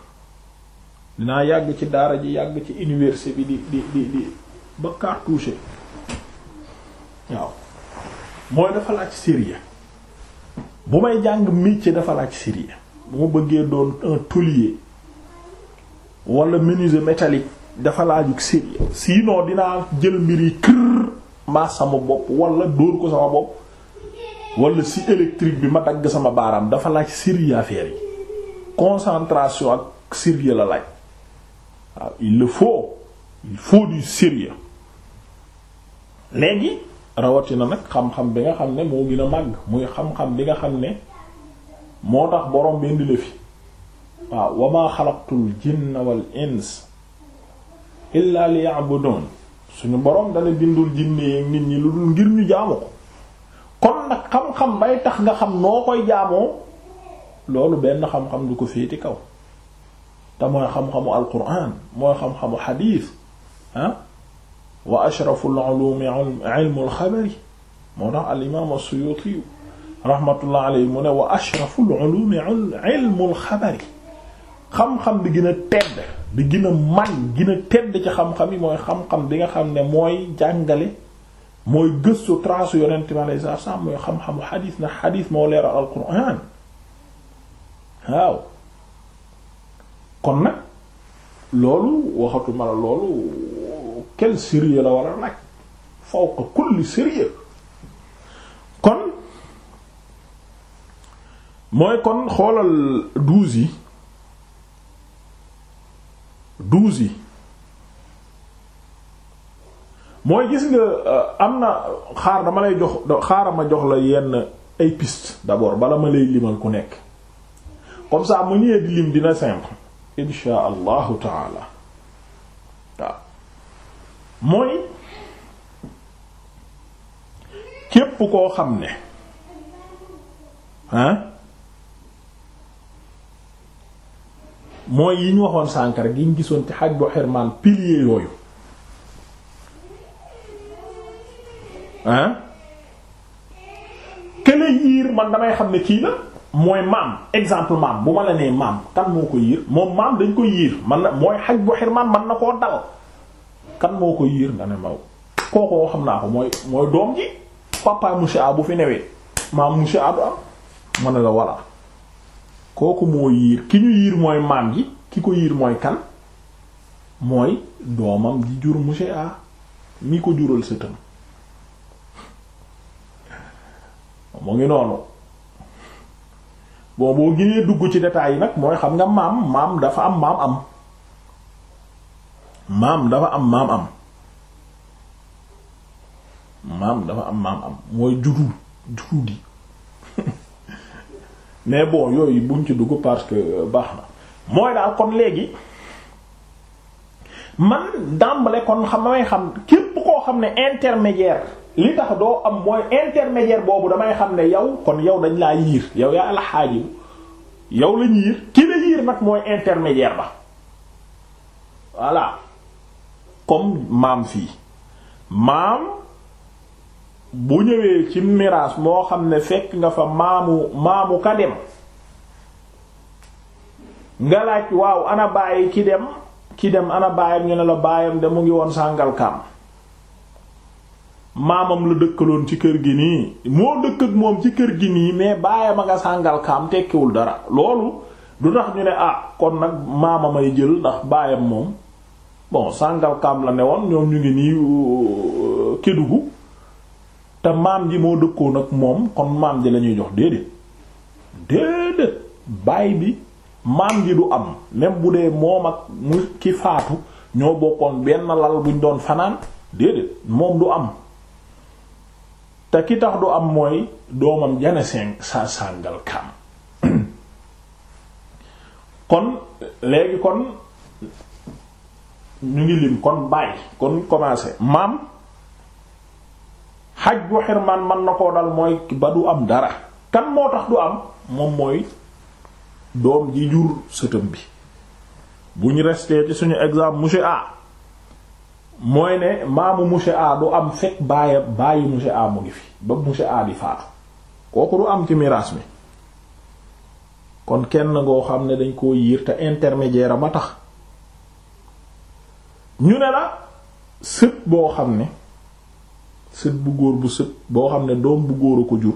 dinaa yàgg ci daara ji yàgg ci université bi di di di di ba cartouché waaw mooy dafa laaj sérieux bu may jàng métier dafa laaj sérieux bu ma bëggee doon un taulier wala menuisier métallique dafa laajug sérieux sinon dinaa jël mbir yi kër maa sama bopp walla dóor ko sama bopp wala si électrique bi ma dagg sama baaraam dafa laaj sérieux affaire yi concentration ak sérieux la laaj waaw ah, il le faut il faut léegi rawatina nag xam-xam bi nga xam ne moo gën a màgg muy xam-xam bi nga xam ne moo tax borom bi indi la fi waaw wa ma xalaqtul jinna wal ins illa liya'budun suñu borom dana bindul jinne yi nit ñi lu dul ngir ñu jaamu ko kon nag xam-xam bay tax nga xam noo koy jaamoo loolu benn xam-xam du ko féete kaw te mooy xam-xamu alquran mooy xam-xamu xadiis ah wa ashraful ulumi ilmul xabari moo tax al imaam as-Suyuuti rahmatullah alayhi mu ne wa ashraful ulumi ilmul xabari xam-xam bi gën a tedd bi gën a man gën a tedd ci xam-xam yi mooy xam-xam bi nga xam ne mooy jàngale mooy gëstu trace yonent bi alayhi salaam mooy xam-xamu xadiis na xadiis moo leeral alquran waaw kon nag loolu waxatuma la loolu quel sérieux la war a nag fawqa kulli sérieux kon mooy kon xoolal douze yi douze yi mooy gis nga euh, am na xaar dama lay jox xaaral ma jox la yenn ay piste d'abord bala ma lay limal ku nekk comme ça mu ñëwee di lim dina simple insha allahu taala waaw mooy képp koo xam ne ah mooy yi ñu waxoon sànkara gi ñu gisoon ci xaj bu xirmaan pilier yooyu ah kële yiir man damay xam ne kii la mooy maam exemple maam bu ma la nee maam kan moo ko yiir moom maam dañ ko yiir man na mooy xaj bu xirmaan man na koo dal kan moo ko yiir nga ne maw kookoo xam naa ko mooy doom ji papa monsieur bu fi newee maam monsieur A du am ma ne la voilà kooku moo yiir ki ñu yiir mooy maam ji ki ko yiir mooy kan mooy doomam di jur monsieur mi ko jural sëtam mu ngi noonu bon boo ginee dugg ci détails yi nag mooy xam nga maam maam dafa am maam am maam dafa am maam am maam dafa am maam am mooy juddu juddu di mais bon yooyu buñ ci dugg parce que euh, baax na mooy daal kon léegi man dàmbale kon xam nga may xam képp koo xam ne intermédiaire li tax doo am mooy intermédiaire boobu damay xam ne yow kon yow dañ laa yiir yow yaa alxaajibu yow lañ yiir ki la yiir nag mooy intermédiaire ba voilà comme maam fii maam bu ñëwee ci miraas moo xam ne fekk nga fa maamu maamu ka dem nga laaj waaw ana bàyyi ki dem ki dem ana baayam ñu ne la baayam de mu ngi woon sàngalkaam maamam la dëkkaloon ci kër gi nii moo dëkk ak moom ci kër gi nii mais baayam a nga sàngal tekkiwul dara loolu du tax ñu ne ah kon nag maamam ay jël ndax baayam moom bon sàngal la ne woon ñoom ñu ngi nii euh, Kédougou te maam ji moo dëkkoon ak moom kon maam ji la jox déedéet déedéet baay bi maam ji du am même bu dee moom ak mu ki faatu ñoo bokkoon benn lal buñ doon fanaan déedéet moom du am te ki tax du am mooy doomam jane sa sàngal kam kon léegi kon ñu ngi lim kon bàyyi kon commencé maam xaj bu xirmaan man na koo dal mooy ba du am dara kan moo tax du am moom mooy doom ji jur sëtëm bi bu ñu restee ci suñu exemple monsieur A mooy ne maamu monsieur A du am fekk bàyyi bàyyi monsieur A mu ngi fi ba monsieur A di faatu kooku du am ci mi kon kenn ngoo xam ne dañ koo yiir te intermédiaire ma tax ñu ne la sët boo xam ne sët bu góor bu sët boo xam ne doom bu góor a ko jur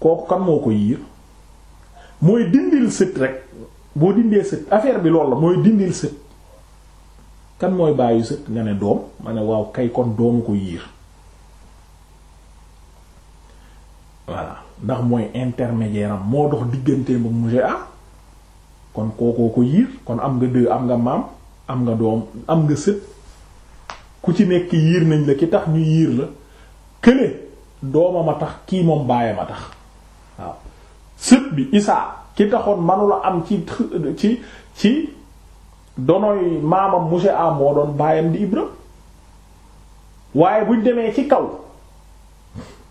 kooku kan moo ko yiir mooy dindil sët rek boo dindee sët affaire bi loolu la mooy dindil sët kan mooy bàyyi sët nga ne doom ma ne waaw kay kon doomu ko yiir voilà ndax mooy intermédiaire am moo dox diggante ba mu ah kon kookoo ko yiir kon am nga dë am nga maam am nga doom am nga sët ku ci nekk yiir nañ la ki tax ñu yiir la kële doomam a tax kii moom baayam a tax waaw sët bi isaa ki taxoon manula am ci ci ci donoy maamam monsieur A moo doon baayam di Ibra waaye buñ demee ci kaw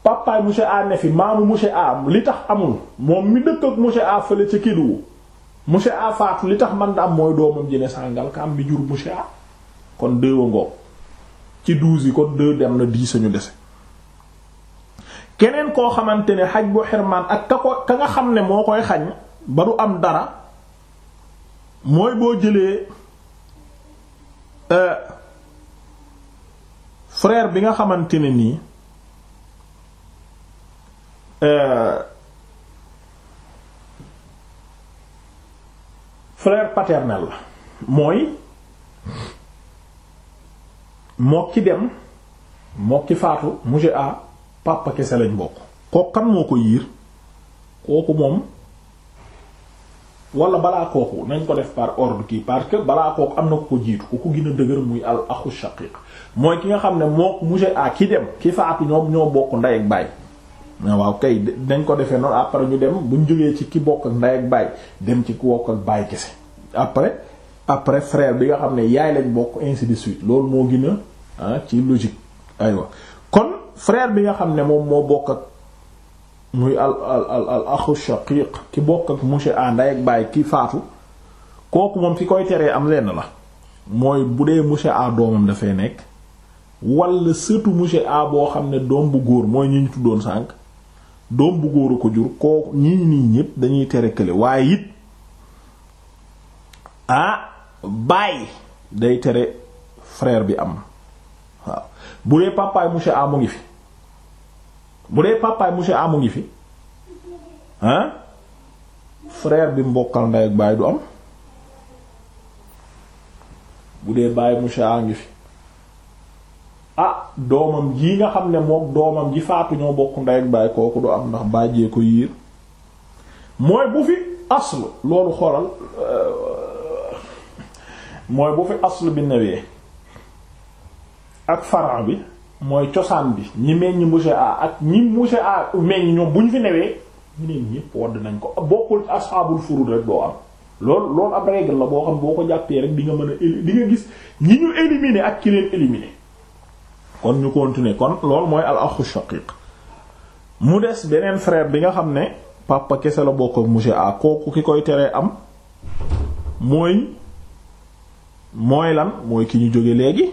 papaay monsieur A ne fi maamu monsieur A li tax amul moom mi dëkk ak monsieur A fële ca Kédougou monsieur A faatu li tax man da am mooy doomam ji ne sàngal ka am bi jur monsieur A kon deux wa ci douze yi kon deux dem na dix sañu dese keneen koo xamante ne xaj bu xirmaan ak ka ko ka nga xam ne moo koy xañ ba du am dara mooy boo jëlee euh, frère bi nga xamante ne nii euh, frère paternel la mooy mokki dem mokki faatu monsieur a ah, papa kese lañ bokk kooku moo ko yiir kooku moom wala balaa kooku nañ ko def par ordre kii parce que balaa kooku am na ku ko jiitu ku ko gën a dëgër muy al axu shaqiq mooy ki nga xam ne moo monsieur a ki dem ki at ñoom ñoo bokk ndey ak baay ah, waaw kay dañ ko defee noonu après ñu dem buñ jógee ci ki bokk ak ndey ak baay dem ci ki bokk ak baay kese après après frère bi nga xam ne yaay lañ bokk ainsi de suite loolu moo gën ah ci logique aywa kon frère bi nga xam ne moom moo bokk ak muy al al al axu shaqiq ki bokk ak monsieur A ndey ak baay ki faatu kooku moom fi koy teree am lenn la mooy bu dee monsieur A doomam dafay nekk wala surtout monsieur A boo xam ne doom bu góor mooy ñi ñu tuddoon sànq doom bu góor ko jur kooku ñii nii ñépp dañuy tere kële waaye it ah baay day tere frère bi am waaw bu dee papaay monsieur A mu ngi fi. bu dee papaay monsieur amu ngi fi hein frère bi mbokkal ndey ak baay du am bu dee baay monsieur a ngi fi ah doomam ji nga xam ne moo doomam ji faatu ñoo bokk ndey ak baay kooku du am ndax bàjjee ko yiir mooy bu fi asl loolu xoral euh, mooy bu fi asl bi newee ak faran bi mooy cosaan bi ñi meññ monsieur A ak ñi monsieur A meññ ñoom bu ñu fi newee ñeneen ñëpp wadd nañ ko bokkul ashabul furud rek doo am loolu loolu ab règle la boo xam boo ko jàppee rek di nga mën a di nga gis ñi ñu éliminer ak ki leen éliminer kon ñu continuer kon lool mooy al akhu mu des beneen frère bi nga xam ne papa kese la bokk ak monsieur kooku ki koy teree am mooy mooy lan mooy ki ñu jóge léegi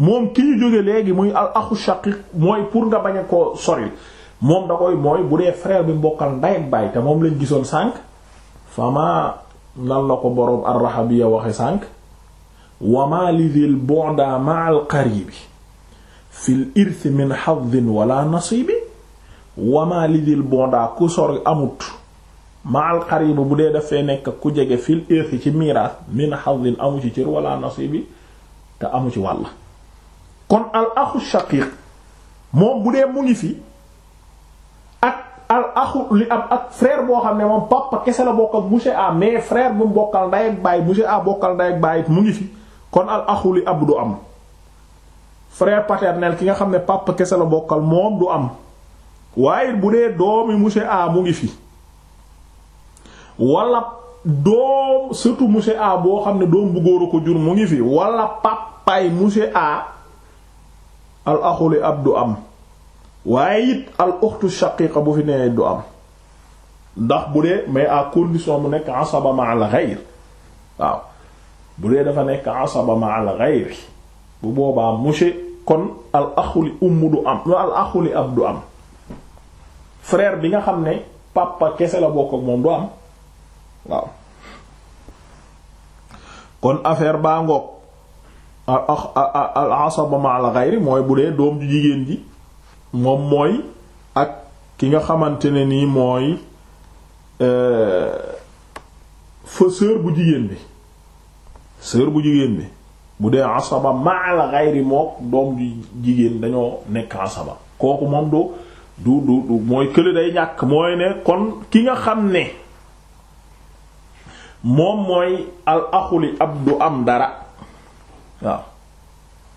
moom ki ñu jóge léegi muy al axu shaqiq mooy pour nga bañ a koo sori moom da koy mooy bu dee frère bi mboqal nday ak te moom lañ gisoon sànk fama nan la ko boroom ar-Rahabiyya waxe sànq wama lidil bu'da ma'al qaribi fil irth min hadhin wala nasibi wama lidil bu'da ku sori amut ma'al qaribi bu dee dafay nekk ku jege fil irth ci miraas min hadhin amu ci cër wala nasibi te amu ci wàlla kon al axu moom bu dee mu ngi fi ak al li ak frère boo xam ne moom papa kese la bokk ak monsieur A mais frère bokkal ndey ak baay mu ngi fi kon al axu li ab du am frère paternel ki nga xam ne papa kese la bokkal moom du am waaye bu dee doomi monsieur A mu ngi fi wala doom surtout monsieur A boo xam ne doom bu ko jur mu ngi fi wala papaay monsieur al axuli ab du am waaye it al uxtu shaqiqa bu fi nee du am ndax bu dee mais à condition mu nekk asaba ma al ghayr waaw bu dee dafa nekk asaba ma al ghayr bu boobaa monsieur kon al axuli umm du am lu ab du am frère bi nga xam ne papa kese la bokk ak moom du am waaw kon affaire baa ngoog al asaba ma al ghayri mooy bu dee doom ju jigéen ji moom mooy ak ki nga xamante ne nii mooy euh, fa sœur bu jigéen bi sœur bu jigéen bi bu dee asaba ma al mook doom ju jigéen dañoo nekk asaba kooku moom du du du mooy kële day ñàkk mooy ne kon ki nga xam ne moom mooy al axuli ab du am dara waaw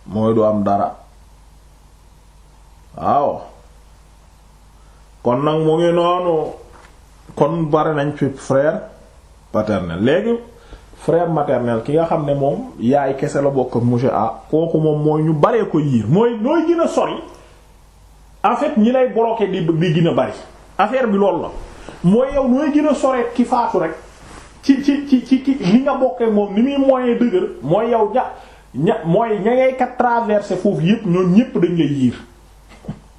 mooy du am dara waaw kon nag mu ngi noonu kon bari nañ fi frère paternel léegi frère maternel ki nga xam ne moom yaay kese la bokk monsieur A kooku moom mooy ñu baree ko yiir mooy nooy gën a sori en fait ñi lay bloqué di bi gën a bari affaire bi loolu la mooy yow nooy gën a sore ki faatu rek ci ci ci ci li nga bokkee moom ni muy moyen dëgër mooy yow ja ña mooy ña ngay kat traversé foofu yëpp ñoom ñëpp dañ lay yiir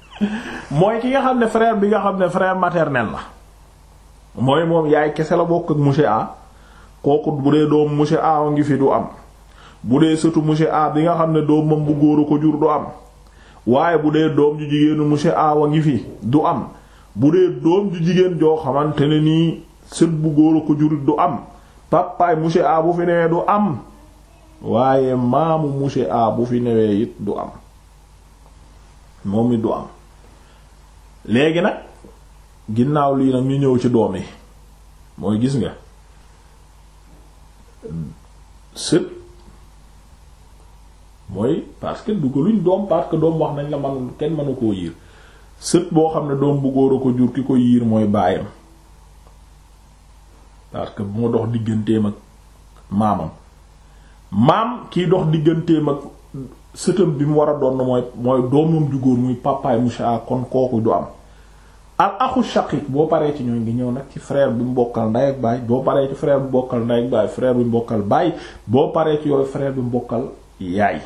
mooy ki nga xam ne frère bi nga xam ne frère maternel la mooy moom yaay kese la bokk ak monsieur A kooku bu dee doom monsieur A ngi fi du am bu dee sëtu monsieur A bi nga xam ne doom moom bu góor ko jur du waaye bu dee doom ju jigéenu monsieur A ngi fi du am bu dee doom ju jigéen joo xamante ne nii sët bu góor ko jur du am papaay monsieur A bu fi nee du am. waaye maamu monsieur A bu fi newee it du am moom it du am léegi nag ginnaaw lii nag ñu ñëw ci doom yi mooy gis nga sët mooy parce que dugaluñ doom parce que doom wax nañ la man kenn mënu koo yiir sët boo xam ne doom bu góor ko jur ki ko yiir mooy baayam parce que moo dox digganteem ak maamam maam kiy dox digganteem ak sëtam bi mu war a doon mooy mooy doomam ju góor muy papaay musha kon kooku du am al axu shaqiq boo paree ci ñooy ngi ñëw nag ci frère bi paree ci frère bokkal ndey ak baay frère bokkal baay boo paree ci yooyu frère bi mu yaay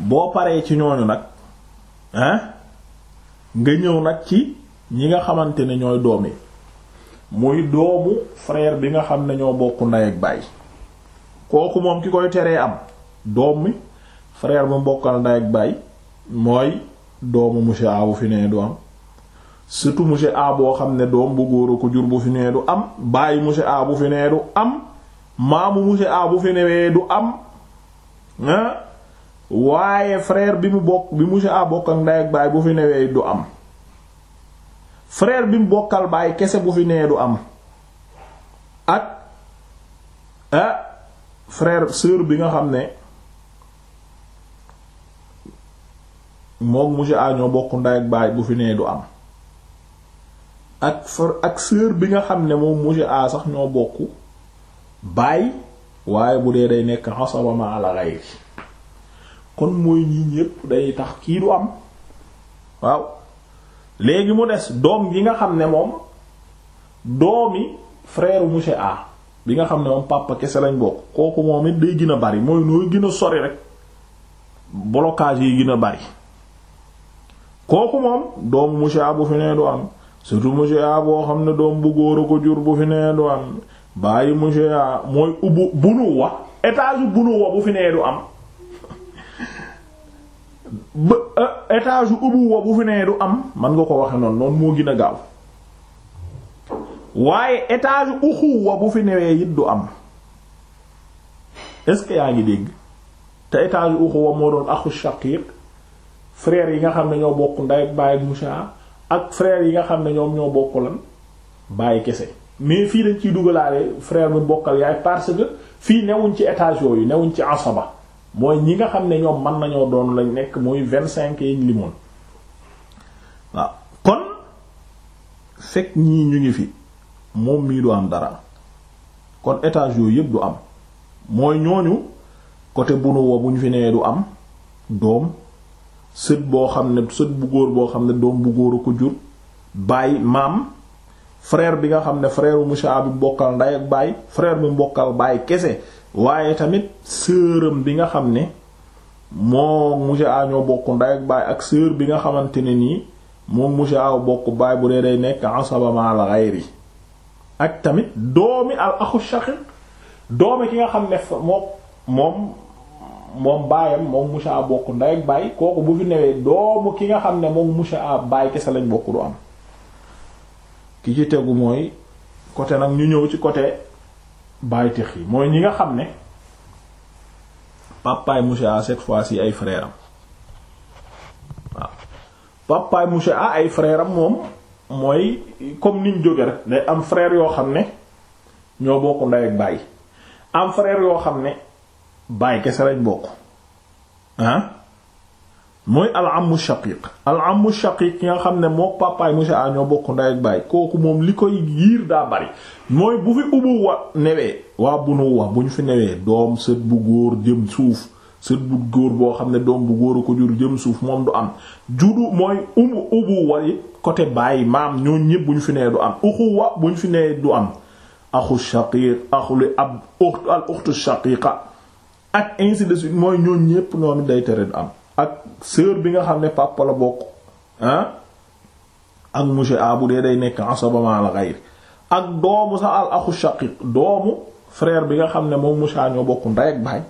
boo paree ci ñooñu nag hein nga ñëw nag ci ñi nga xamante ne ñooy doom yi muy doomu frère bi nga xam ne ñoo bokk nday ak baay kooku moom ki koy teree am doom mi frère ba mbokkal nday ak baay mooy doomu monsieur A bu fi nee du am surtout monsieur A boo xam ne doom bu góor a ko jur bu fi nee du am baayu monsieur A bu fi am maamu monsieur A bu fi du am ah waaye frère bi mu bokk bi monsieur A bokkal nday ak baay bu fi newee du am frère bi mu bokkal baay kese bu fi nee du am ak frère sœur bi nga xam ne moom monsieur A ñoo bokk ndey baay bu fi nee du am ak fr ak sœur bi nga xam ne moom monsieur A sax ñoo bokk baay waaye bu dee day nekk asaba ma ala ghayri kon mooy ñii ñépp day tax kii du am waaw léegi mu des doom gi nga xam ne moom doomi frère monsieur bi nga xam ne moom papa kese lañ bokk kooku moom it day gën a bari mooy nooy gën a sori rek blocage yi gën a bari kooku moom doomu monsieur bu fi nee du am boo xam ne doom bu góor a ko jur bu fi nee fi nee am ba euh, étage ubu wa bu fi nee du am man nga ko waxe noonu noonu moo gën a gaaw waaye étage uxuwa bu fi newee it du am est-ce que yaa ngi dégg te étage uxuwa moo doon axu shaqiq frère yi nga xam ne ñoo bokk ndey ak ak musa yi nga xam ne ñoom ñoo bokk lan bàyyi kese mais fii dañ ciy dugalaale frère bu bokkal yaay parce que fii newuñ ci étage yooyu newuñ ci asaba mooy ñi nga xam ne ñoom mën nañoo doon lañ nekk muy vingt cinq yiñ limoon waaw kon fekk ñii ñu ngi fi moom mii du dara kon étage yooyu yëpp du am mooy ñooñu côté bunu wo bu ñu fi nee du am doom sët boo xam ne sët bu góor boo xam ne doom bu góor a ko jur baay maam frère bi nga xam ne frère monsieur Abib bokkal nday ak baay frère bi mbokkal baay kese waaye tamit sëram bi nga xam ne moo monsieur A ñoo bokk nday ak baay ak sœur bi nga xamante ne nii moo monsieur bokk baay bu dee day nekk asaba la ghayri ak tamit doomi al axu shaqiq doomi ki nga xam ne moo moom moom baayam moom musa a bokk ndey ak baay kooku bu fi newee doomu ki nga xam ne moom musa a baay kese lañ bokk am ki ci tegu mooy côté nag ñu ñëw ci côté baay tex yi mooy ñi nga xam ne papaay musa a cette fois-ci ay frère am waaw papaay musa a ay frère am moom mooy comme niñ jóge rek day am frère yoo xam ne ñoo bokk ndey ak baay am frère yoo xam ne baay kese lañ bokk ah mooy al amu shaqiq al amu shaqiq ki nga xam ne moo papaay monsieur a ñoo bokk ndey ak baay kooku moom li koy giir daa bari mooy bu fi ubu wa newee waa bu nu wax bu ñu fi newee doom sët bu góor jëm suuf sët bu góor boo xam ne doom bu góor a ko jur jëm suuf moom du am juddu mooy umu ubu wayi côté bàyyi maam ñoo ñëpp bu ñu fi nee du am bu ñu fi nee du am axu shaqiq axuli ab uxtu ak ainsi de mooy ñoo ñëpp ñoom day tere am ak sœur bi nga xam ne papa la bokk ah ak monsieur a bu dee day nekk asabama xayri ak doomu sax al axu shaqiq doomu frère bi nga xam ne moom monsieur ñoo bokk ndey ak baay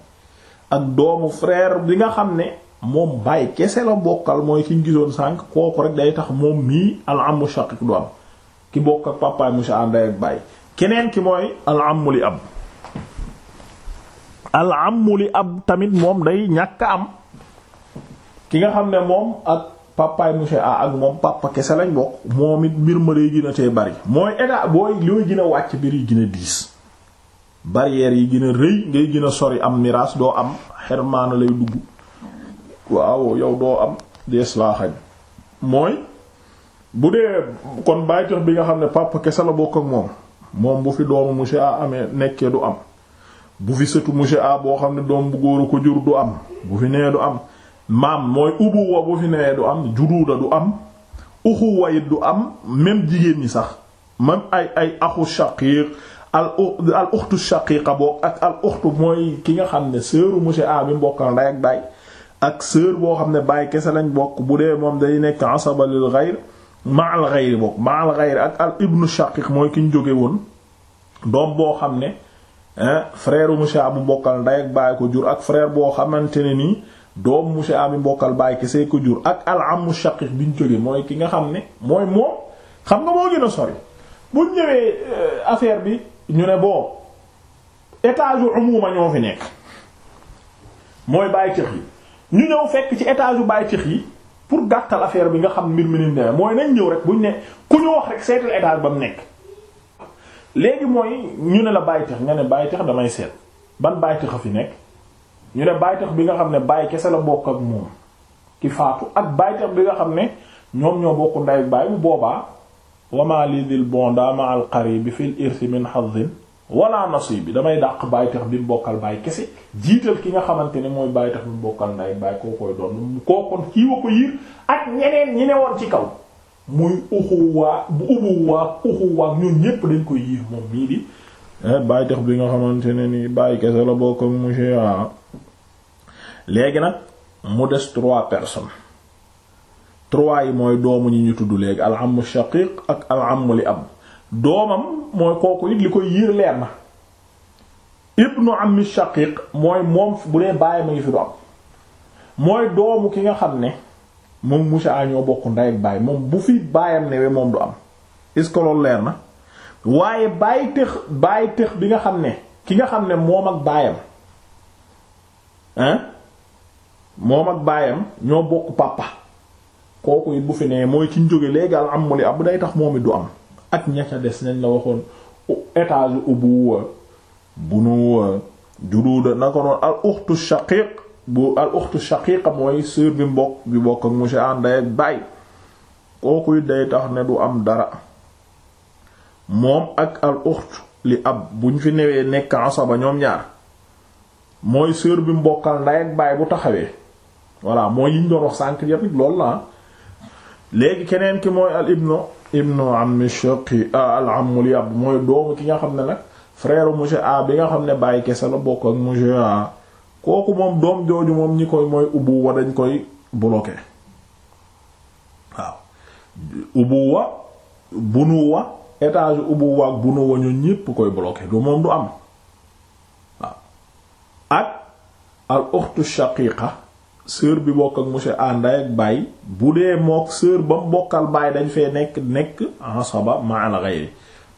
ak doomu freer bi nga xam ne moom bàyyi kese la mbokkal mooy ki ñu gisoon sànq kooku rek day tax moom mii al amu shaqiq am ki bokk ak papaay mu sa ànday ak bàyyi keneen ki mooy al amu li ab al amu li ab tamit moom day ñàkk am ki nga xam ne moom ak papaay monsieur a ak moom papa kese lañ bokk moom it mbir ma day gën a tee bari mooy état booy looy gën a wàcc mbir yi gën a diis barrières yi gën a rëy ngay gën a sori am miraas doo am xermaana lay dugg waaw yow doo am dees laa xañ mooy bu dee kon bàyyi tax bi nga xam ne papa kese la bokk ak moom moom bu fi doomu monsieur amee nekkee du am bu fi sëtu monsieur boo xam ne doom bu góor ko jur du am bu fi nee du am maam mooy ubuwa bu fi nee du am juduuda du am uxuwa it du am même jigéen ñi sax même ay ay axu shaqiq al al uxtu shaqiqa boog ak al uxtu mooy ki nga xam ne sœuru monsieur a bi mbokkal ndey ak baay ak sœur boo xam ne baay kese lañ bokk bu dee moom day nekk asaba lil ghayr ma al ghayr bokk ma al ghayr ak al ibnu shaqiq mooy ki ñu jóge woon doom boo xam ne frère monsieur a bu mbokkal ndey ak jur ak frère boo xamante ne nii doom monsieur a mbokkal baay kese ko jur ak al amu shaqiq mooy ki nga xam ne mooy moom xam nga moo gën a sori bu ñëwee euh, affaire bi ñu ne bon étage yu ñoo fi nekk mooy bàyyi tix yi ñu ñëw fekk ci étage yu bàyyi tix yi pour gàttal affaire bi nga xam mbir mi ni demee mooy nañ ñëw rek buñ ne ku ñu wax rek seetal étage ba mu nekk léegi mooy ñu ne la bàyyi tix nga ne bàyyi tix damay seet ban bàyyi tix a fi nekk ñu ne bàyyi tix bi nga xam ne bàyyi kese la bokk ak moom ki faatu ak bàyyi tix bi nga xam ne ñoom ñoo bokk nday baay bu boobaa wama li dil bonda ma al qaribi fil irsi min hazzin wala nasibi damay dàq bàyyi tax bi mu bokkal bàyyi kese jiital ki nga xamante ne mooy bàyyi tax bi mu bokkal nday bàyyi koo koy doon kon kii wa ko ci kaw muy uxuwaa bu ubuwaa uxuwaa ñun ñépp dañ koy yiir moom mii di eh, bàyyi tax bi nga xamante ne ni bàyyi kese la bokk ak monsieur léegi nag mu des trois personnes trois yi mooy doomu ñu ñu tudd léegi alxamu shaqiq ak alxamu li ab doomam mooy kooku it li koy yiir leer na ibnu ammi shaqiq mooy moom bu dee bàyyi ma ngi fi du am mooy doomu ki nga xam ne moom musa a ñoo bokk ndey ak moom baayam moom du am est-ce que leer na waaye baay tëx bi nga xam ne ki nga xam ne moom ak baayam hein moom ak ñoo bokk papa kooku yi bu fi nee mooy ci njóge léegi am li ab day tax moom it du am ak ña des nañ la waxoon étage ubuwa bunuwa mooy sœur bi mbokk bokk ak monsieur ànday baay day tax ne du am dara moom ak al uxtu li ab buñ fi newee nekk asaba ñoom ñaar mooy sœur bi mbokkal nday ak baay bu taxawee voilà mooy yiñ doon wax sànq yëpp loolu la léegi keneen ki mooy al ibnu ibnu ammi shaqi al ammul yàbb mooy doomu ki nga xam ne nag frère monsieur a bi nga xam ne bàyyi kese la bokk ak monsieur a kooku moom doom jooju moom ñi koy mooy ubuwa dañ koy bloqué waaw ubuwa bunuwa étage ubuwa ak bunuwa ñu ñépp koy bloqué du moom du am waaw ak al ukhtu shaqiqa sœur bi bokk ak monsieur A nday ak baay bu dee mook sœur ba mu bokkal baay dañ fee nekk nekk asaba ma al ghayri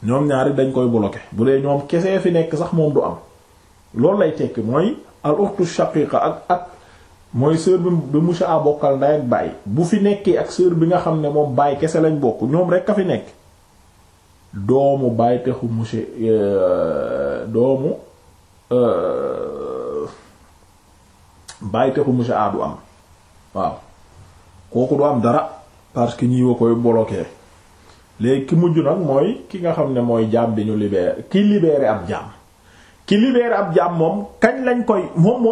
ñoom ñaari dañ koy bloquer bu dee ñoom kese fi nekk sax moom du am loolu lay tekki mooy al ukhtu ak ak mooy sœur bi bi monsieur A bokkal nday ak baay bu fi nekkee ak sœur bi nga xam ne moom baay kese lañ bokk ñoom rek a fi nekk doomu baay texu monsieur euh, doomu. Euh, bàyyi ko monsieur A du am waaw kooku du am dara parce que ñi wa koy bloqué léegi ki mujj nag mooy ki nga xam ne mooy jaam bi ñu libéré ki libéré ab jaam ki libéré ab jaam moom kañ lañ koy moom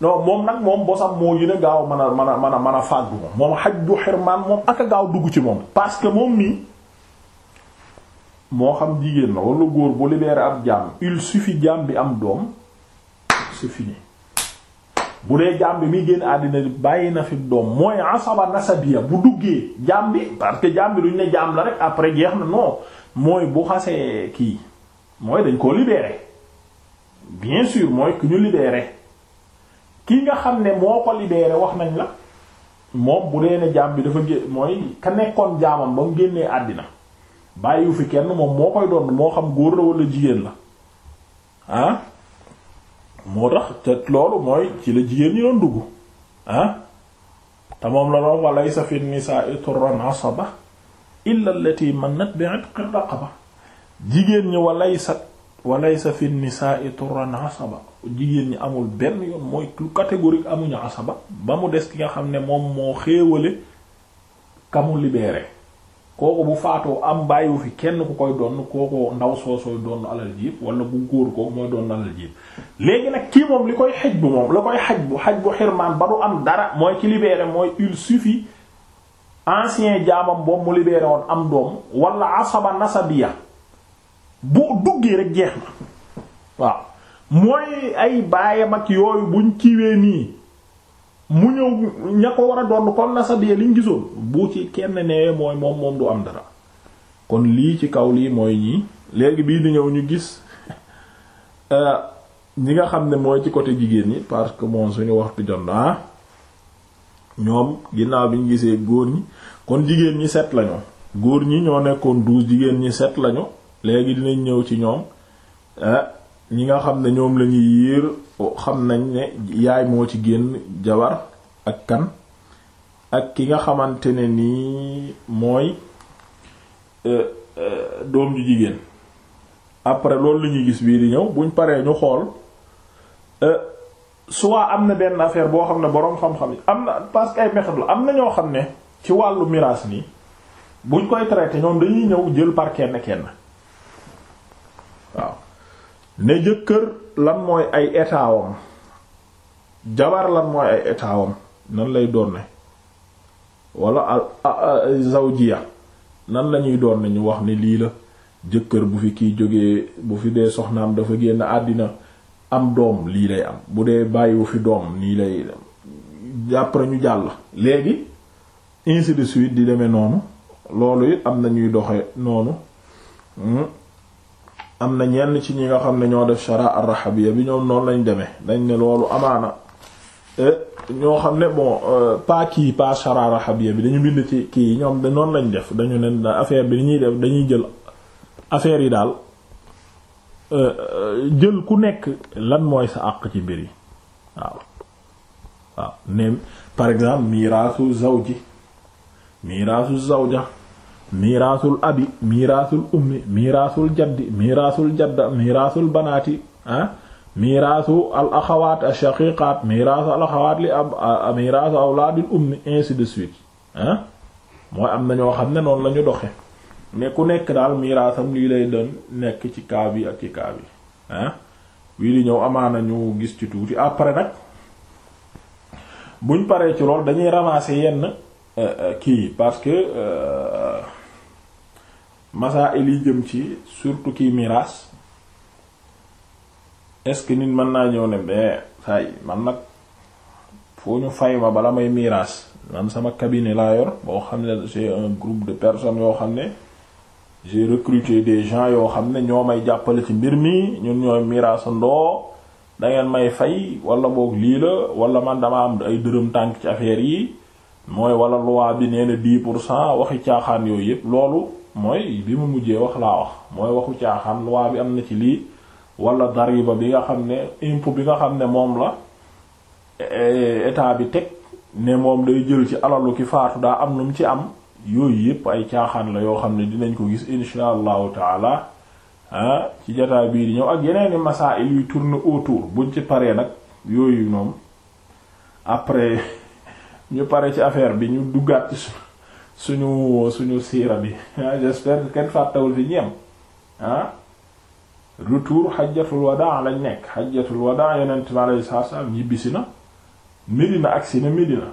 moom nag moom bosam moo yi a gaaw mën a mën a mën a mën a fàggu moom moom xaj du xirmaan moom ak gaaw dugg ci moom parce que moom mii moo xam jigéen la wala góor bu libéré ab jaam il suffit jaam bi am doom c'est fini bu dee jaam bi muy génn àddina bàyyi na fi doom mooy asaba nasabiya bu duggee jaam bi parce que jaam bi duñ ne jaam la rek après jeex na non mooy bu xasee kii mooy dañ koo libéré bien sûr mooy ku ñu libéré ki nga xam ne moo ko libéré wax nañ la moom bu dee ne jaam bi dafa gé mooy ka nekkoon jaamam ba mu génnee àddina bàyyiwu fi kenn moom moo koy doon moo xam góor la wala jigéen la ah. moo tax te loolu mooy ci la jigéen ñi doon dugg ah te moom la doon walaysa fi nisaa'i turran asaba illa allati mannat bi itqi raqaba jigéen ñi walaysa walaysa fi nisaa'i turran asaba jigéen ñi amul benn yoon mooy lu amuñu asaba ba mu des ki nga xam ne moom moo xéewale kamu libéré kooku bu faatoo am bàyyiwu fi kenn ku koy donn kooku ndaw soosooy donn alal ji yëpp wala kooku mooy donn alal léegi nag kii moom li koy xaj bu moom la koy xaj bu xirmaan ba du am dara mooy ci libéré mooy il suffit ancien jaamam boobu mu libéré woon am doom wala asaba nasabiya bu duggee rek jeex na waaw mooy ay baayam ak yooyu buñ kiiwee nii mu ñëw ña ko war a doon kon nasab yi liñ gisoon bu ci kenn neewee mooy moom moom du am dara kon lii ci kaw lii mooy ñii léegi bii di ñëw ñu gis euh, ñi nga xam ne mooy ci côté jigéen ñi parce que moom suñu waxtu jot ah ñoom ginnaaw bi ñu gisee góor ñi kon jigéen ñi set lañu góor ñi ñoo nekkoon douze jigéen ñi set lañu léegi dinañ ñëw ci ñoom ah ñi nga xam ne ñoom lañuy yiir xam nañ ne yaay moo ci génn jabar ak kan ak ki nga xamante ne nii mooy euh, euh, doom ji jigéen après loolu la ñuy gis bii di ñëw buñ paree ñu xool euh, soit am na benn affaire boo xam ne boroom xam-xam yi am na parce ay méthode la am na ñoo xam ne ci wàllu miraas nii buñ koy traité ñoom dañuy ñëw jël par kenn kenn waaw ne jëkkër lan mooy ay étatwam jabar lan mooy ay étatwam nan lay doon doonne wala zawjiya nan lañuy doon ne ñu wax ne lii la jëkkër bu fi kiy jógee bu fi dee soxnaam dafa génn àddina am doom lii lay am bu dee bàyyiwu fi doom nii lay jàpp après ñu jàll léegi ainsi de di demee noonu loolu it am na ñuy doxe noonu hmm. am na ñenn ci ñi nga xam ne ñoo def shara ar bi ñoom noonu lañu demee dañ ne loolu amaana e, ñoo xam ne bon e, pas kii pas shara ar bi dañu bind ci kii yi ñoom noonu lañu def dañu ne affaire bi ñuy def dañuy jël affaire yi daal e, jël ku nekk lan mooy sa àq ci biir yi waaw waaw ne par exemple miraasu zawji miraasu zawja miiraasul abi miiraasul ummi miiraasul jaddi miiraasul jadda miiraasul banaati ah axawaat axawaat ab miiraasu awlaadil ummi ainsi de suite ah mooy am na ñoo xam ne noonu la ñu doxe ne ku nekk daal miiraasam lii lay doon nekk ci kaa bi ak ci kaa bi ah. wii di ñëw amaana ñu gis ci tuuti après nag buñ paree ci lool dañuy ramasser yenn euh, euh, kii parce euh, masaa'il yi jëm ci surtout kii miraas est-ce que nit mën naa ñëw ne mais saa man nag foo ñu fay ma bala may miraas man sama cabinet laa yor boo xam ne c'est un groupe de personnes yoo xam ne j'ai recruté des gens yoo xam ne ñoo may jàppale ci mbir mi ñun ñooy miraas ndoo dangeen may fay wala boog lii la wala man dama am ay dërëm tànk ci affaire yi mooy wala loi bi nee na pour cent waxi caaxaan yooyu yépp loolu. mooy bi mu mujjee wax laa wax mooy waxu caaxaan loi bi am na ci lii wala dariba bi nga xam ne impôt bi nga xam ne moom la eh, état bi teg ne moom day jël ci alalu ki faatu daa am lu mu ci am yooyu yëpp ay caaxaan la yoo xam ne dinañ ko gis insha allahu taala ah ci jotaay bii di ñëw ak yeneeni masaa il yuy tourne autour buñ ci paree nag yooyu moom après ñu pare ci affaire bi ñu duggaat suñu suñu siira bi j'espère que kenn fàttawul fi ñeem ah retour xajjatul wadaa lañ nekk xajjatul wadaa yonent bi alayhi salaatu salaam ñibbisi na Medina agsi na Medina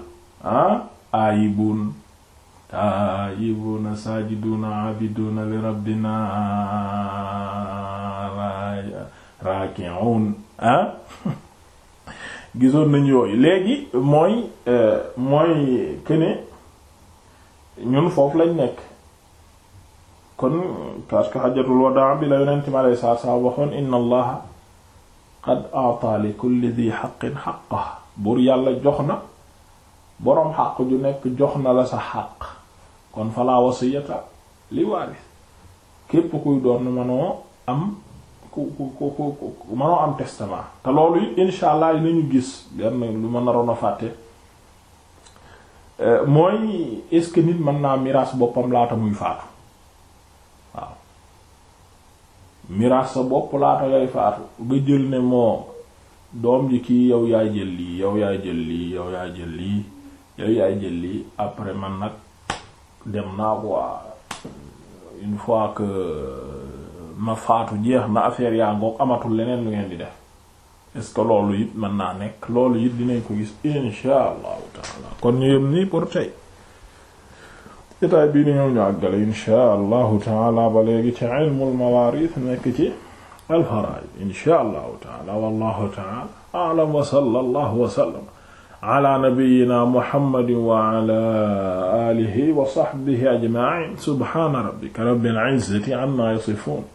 ah aayibun taayibuna saajiduna abiduna li rabbina raaki'un ah gisoon nañ yooyu léegi mooy euh, mooy këne ñun foofu lañ nekk kon parce que xajatul wadaa bi la yonent mi aleyhi salaatu salaam waxoon inna allaha qad li kulli dhi haqqin haqqahu buur yàlla jox na boroom xaq ju nekk jox na la sa xaq kon falaa wasiyata li waaris képp kuy doon mënoo am ku ku am testament te loolu it insha allah dinañu gis benn lu ma naroon fàtte Euh, mooy est-ce que nit mën naa miraas boppam laata muy faatu waaw miraas sa bopp laata ngay faatu nga jël ne moo doom ji kii yow yaay jël lii yow yaay jël lii yow yaay jël lii yow yaay jël lii après man nag dem naa quoi une fois que ma faatu jeex na affaire yaa ngoog amatul leneen lu ngeen di def est-ce que loolu it mën naa nekk loolu it dinañ ko gis insha allahu taala kon ñu yem nii pour tey état bii ni ñëw ñu àggale insha allahu taala ba léegi ci ilmul mawaarith nekk ci alfaraid insha allahu taala wallahu taala a'lam wa sallallahu wa sallam ala nabiyyina muhammadin wa ala alihi wa sahbihi ajma'in subhana rabbika rabbil izzati amma yasifun